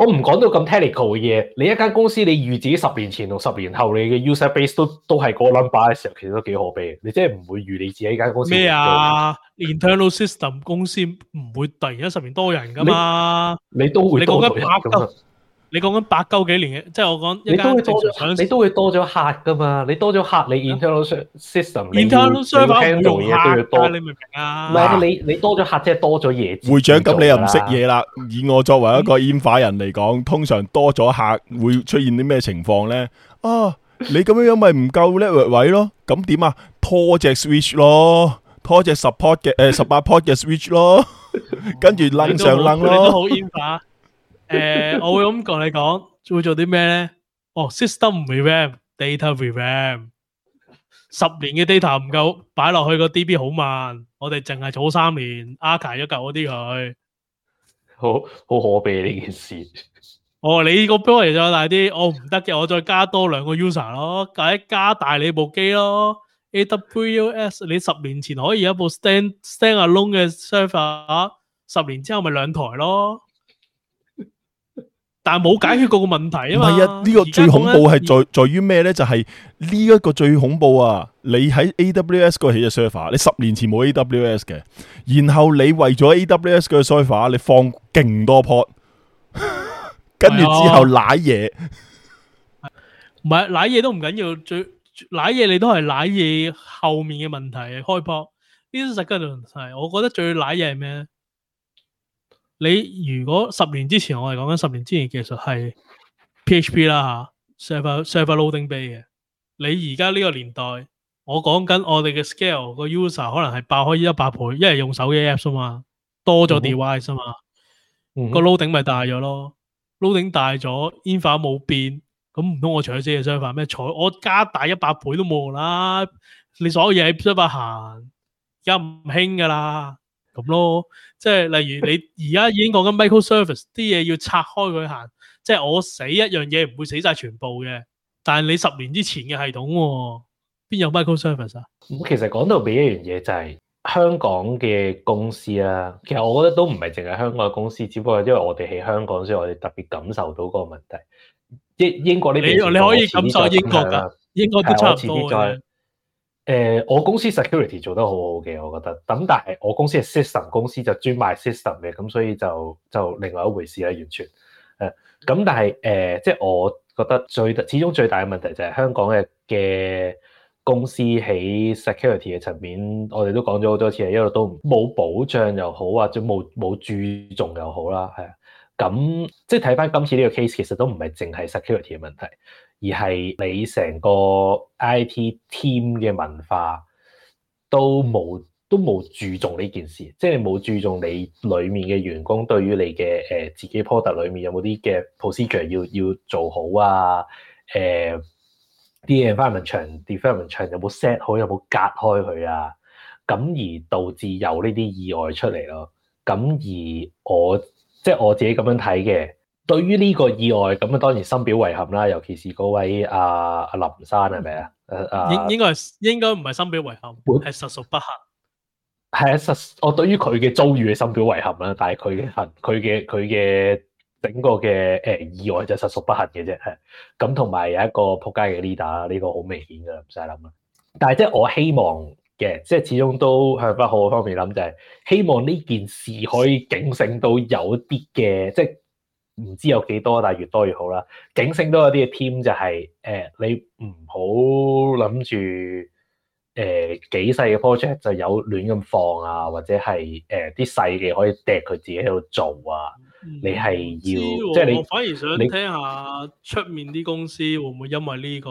我唔講到咁 technical 嘅嘢，你一間公司你預自己十年前同十年後你嘅 user base 都都係個 number 嘅時候，其實都幾可悲嘅。你真係唔會預你自己間公司咩啊？internal system 公司唔會突然間十年多人噶嘛你？你都會多覺得。多你講緊八九幾年嘅，即係我講一間多唔想，你都會多咗客噶嘛？你多咗客，你 interlock system，interlock system 唔容嘢對住多，你明啊？你你多咗客即係多咗嘢。會長咁你又唔識嘢啦？以我作為一個煙化人嚟講，通常多咗客會出現啲咩情況咧？啊，你咁樣樣咪唔夠 level 位咯？咁點啊？拖隻 switch 咯，拖隻十 port 嘅誒十八 port 嘅 switch 咯，跟住擰上擰咯。你都好煙化。誒、 呃，我會咁同你講，會做啲咩咧？哦，system revamp，data revamp，十年嘅 data 唔夠，擺落去個 DB 好慢，我哋淨係儲三年，archive 咗舊嗰啲佢，好好可悲呢件事。哦，你個 budget 再大啲，我唔得嘅，我再加多兩個 user 咯，加一加大你部機咯，AWS 你十年前可以有一部 stand stand alone 嘅 server，十年之後咪兩台咯。但係冇解決過個問題啊嘛。係啊，呢個最恐怖係在在於咩咧？就係呢一個最恐怖啊！你喺 AWS 嗰度起隻 server，你十年前冇 AWS 嘅，然後你為咗 AWS 嗰個 server，你放勁多 pot，跟住之後瀨嘢，唔係瀨嘢都唔緊要，最瀨嘢你都係瀨嘢後面嘅問題開 pot 呢啲實跟輪晒。我覺得最瀨嘢係咩咧？你如果十年之前我係講緊十年之前技術係 PHP 啦嚇，server server loading bay 嘅。你而家呢個年代，我講緊我哋嘅 scale 個 user 可能係爆開一百倍，因為用手機 apps 啊、嗯、嘛，多咗 device 啊嘛，個 loading 咪大咗咯。loading 大咗 infra 冇變，咁唔通我除咗啲嘢相反咩？我加大一百倍都冇用啦，你所有嘢喺 server 行，而家唔興㗎啦。咁咯，即 係、就是、例如你而家已經講緊 microservice 啲嘢要拆開佢行，即、就、係、是、我死一樣嘢唔會死晒全部嘅，但係你十年之前嘅系統邊有 microservice 啊？咁其實講到另一樣嘢就係、是、香港嘅公司啊。其實我覺得都唔係淨係香港嘅公司，只不過因為我哋喺香港，所以我哋特別感受到嗰個問題。英英國呢邊，你你可以感受英國噶，英國都差唔多。誒、呃，我公司 security 做得好好嘅，我覺得。咁但係我公司係 system 公司，就專賣 system 嘅，咁所以就就另外一回事啦，完全。誒、嗯，咁但係誒、呃，即係我覺得最始終最大嘅問題就係香港嘅嘅公司喺 security 嘅層面，我哋都講咗好多次，一路都冇保障又好或者冇冇注重又好啦，係啊。咁、嗯、即係睇翻今次呢個 case，其實都唔係淨係 security 嘅問題。而係你成個 IT team 嘅文化都冇都冇注重呢件事，即係冇注重你裏面嘅員工對於你嘅、呃、自己 product 裡面有冇啲嘅 procedure 要要做好啊？誒 environment chain development chain 有冇 set 好有冇隔開佢啊？咁而導致有呢啲意外出嚟咯。咁而我即係我自己咁樣睇嘅。對於呢個意外，咁啊當然深表遺憾啦，尤其是嗰位阿阿、啊、林生係咪啊？應該應該係應該唔係深表遺憾，本係實屬不幸。係啊，實我對於佢嘅遭遇係深表遺憾啦。但係佢嘅佢嘅佢嘅整個嘅誒意外就實屬不幸嘅啫。咁同埋有一個仆街嘅 leader，呢個好明顯㗎，唔使諗啦。但係即係我希望嘅，即係始終都向不好方面諗，就係、是、希望呢件事可以警醒到有啲嘅即係。唔知有幾多，但係越多越好啦。警醒都有啲嘅 team 就係、是，誒、哎，你唔好諗住，誒、哎，幾細嘅 project 就有亂咁放啊，或者係，誒、哎，啲細嘅可以掟佢自己喺度做啊。嗯、你係要，即係、啊就是、你我反而想聽下出面啲公司會唔會因為呢個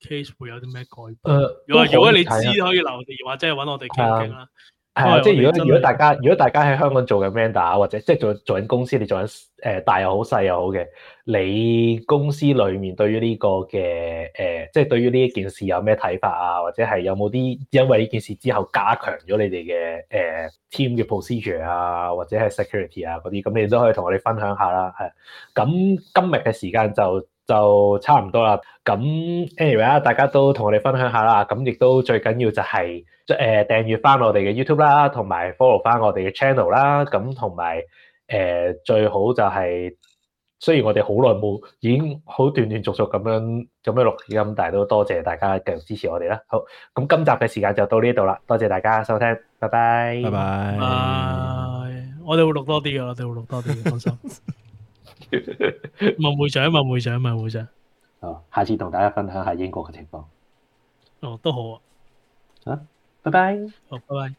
case 會有啲咩改變？誒、啊啊，如果你知可以留言或者揾我哋傾傾啦。係，即係如果如果大家如果大家喺香港做緊 m a n d a r，或者即係做做緊公司，你做緊誒大又好細又好嘅，你公司裏面對於呢個嘅誒，即、呃、係、就是、對於呢一件事有咩睇法啊？或者係有冇啲因為呢件事之後加強咗你哋嘅誒 team 嘅 procedure 啊，或者係 security 啊嗰啲，咁你都可以同我哋分享一下啦。係，咁今日嘅時間就～就差唔多啦，咁 anyway 啦，大家都同我哋分享下啦，咁亦都最緊要就係誒訂閱翻我哋嘅 YouTube 啦，同埋 follow 翻我哋嘅 channel 啦，咁同埋誒最好就係、是、雖然我哋好耐冇，已經好斷斷續續咁樣做咩錄音，但係都多謝大家繼續支持我哋啦。好，咁今集嘅時間就到呢度啦，多謝大家收聽，拜拜，拜拜，uh，我哋會錄多啲㗎，我哋會錄多啲，放心。 孟會長，孟會長，孟會長。哦，下次同大家分享下英國嘅情況。哦，都好啊。啊，拜拜。好，拜拜。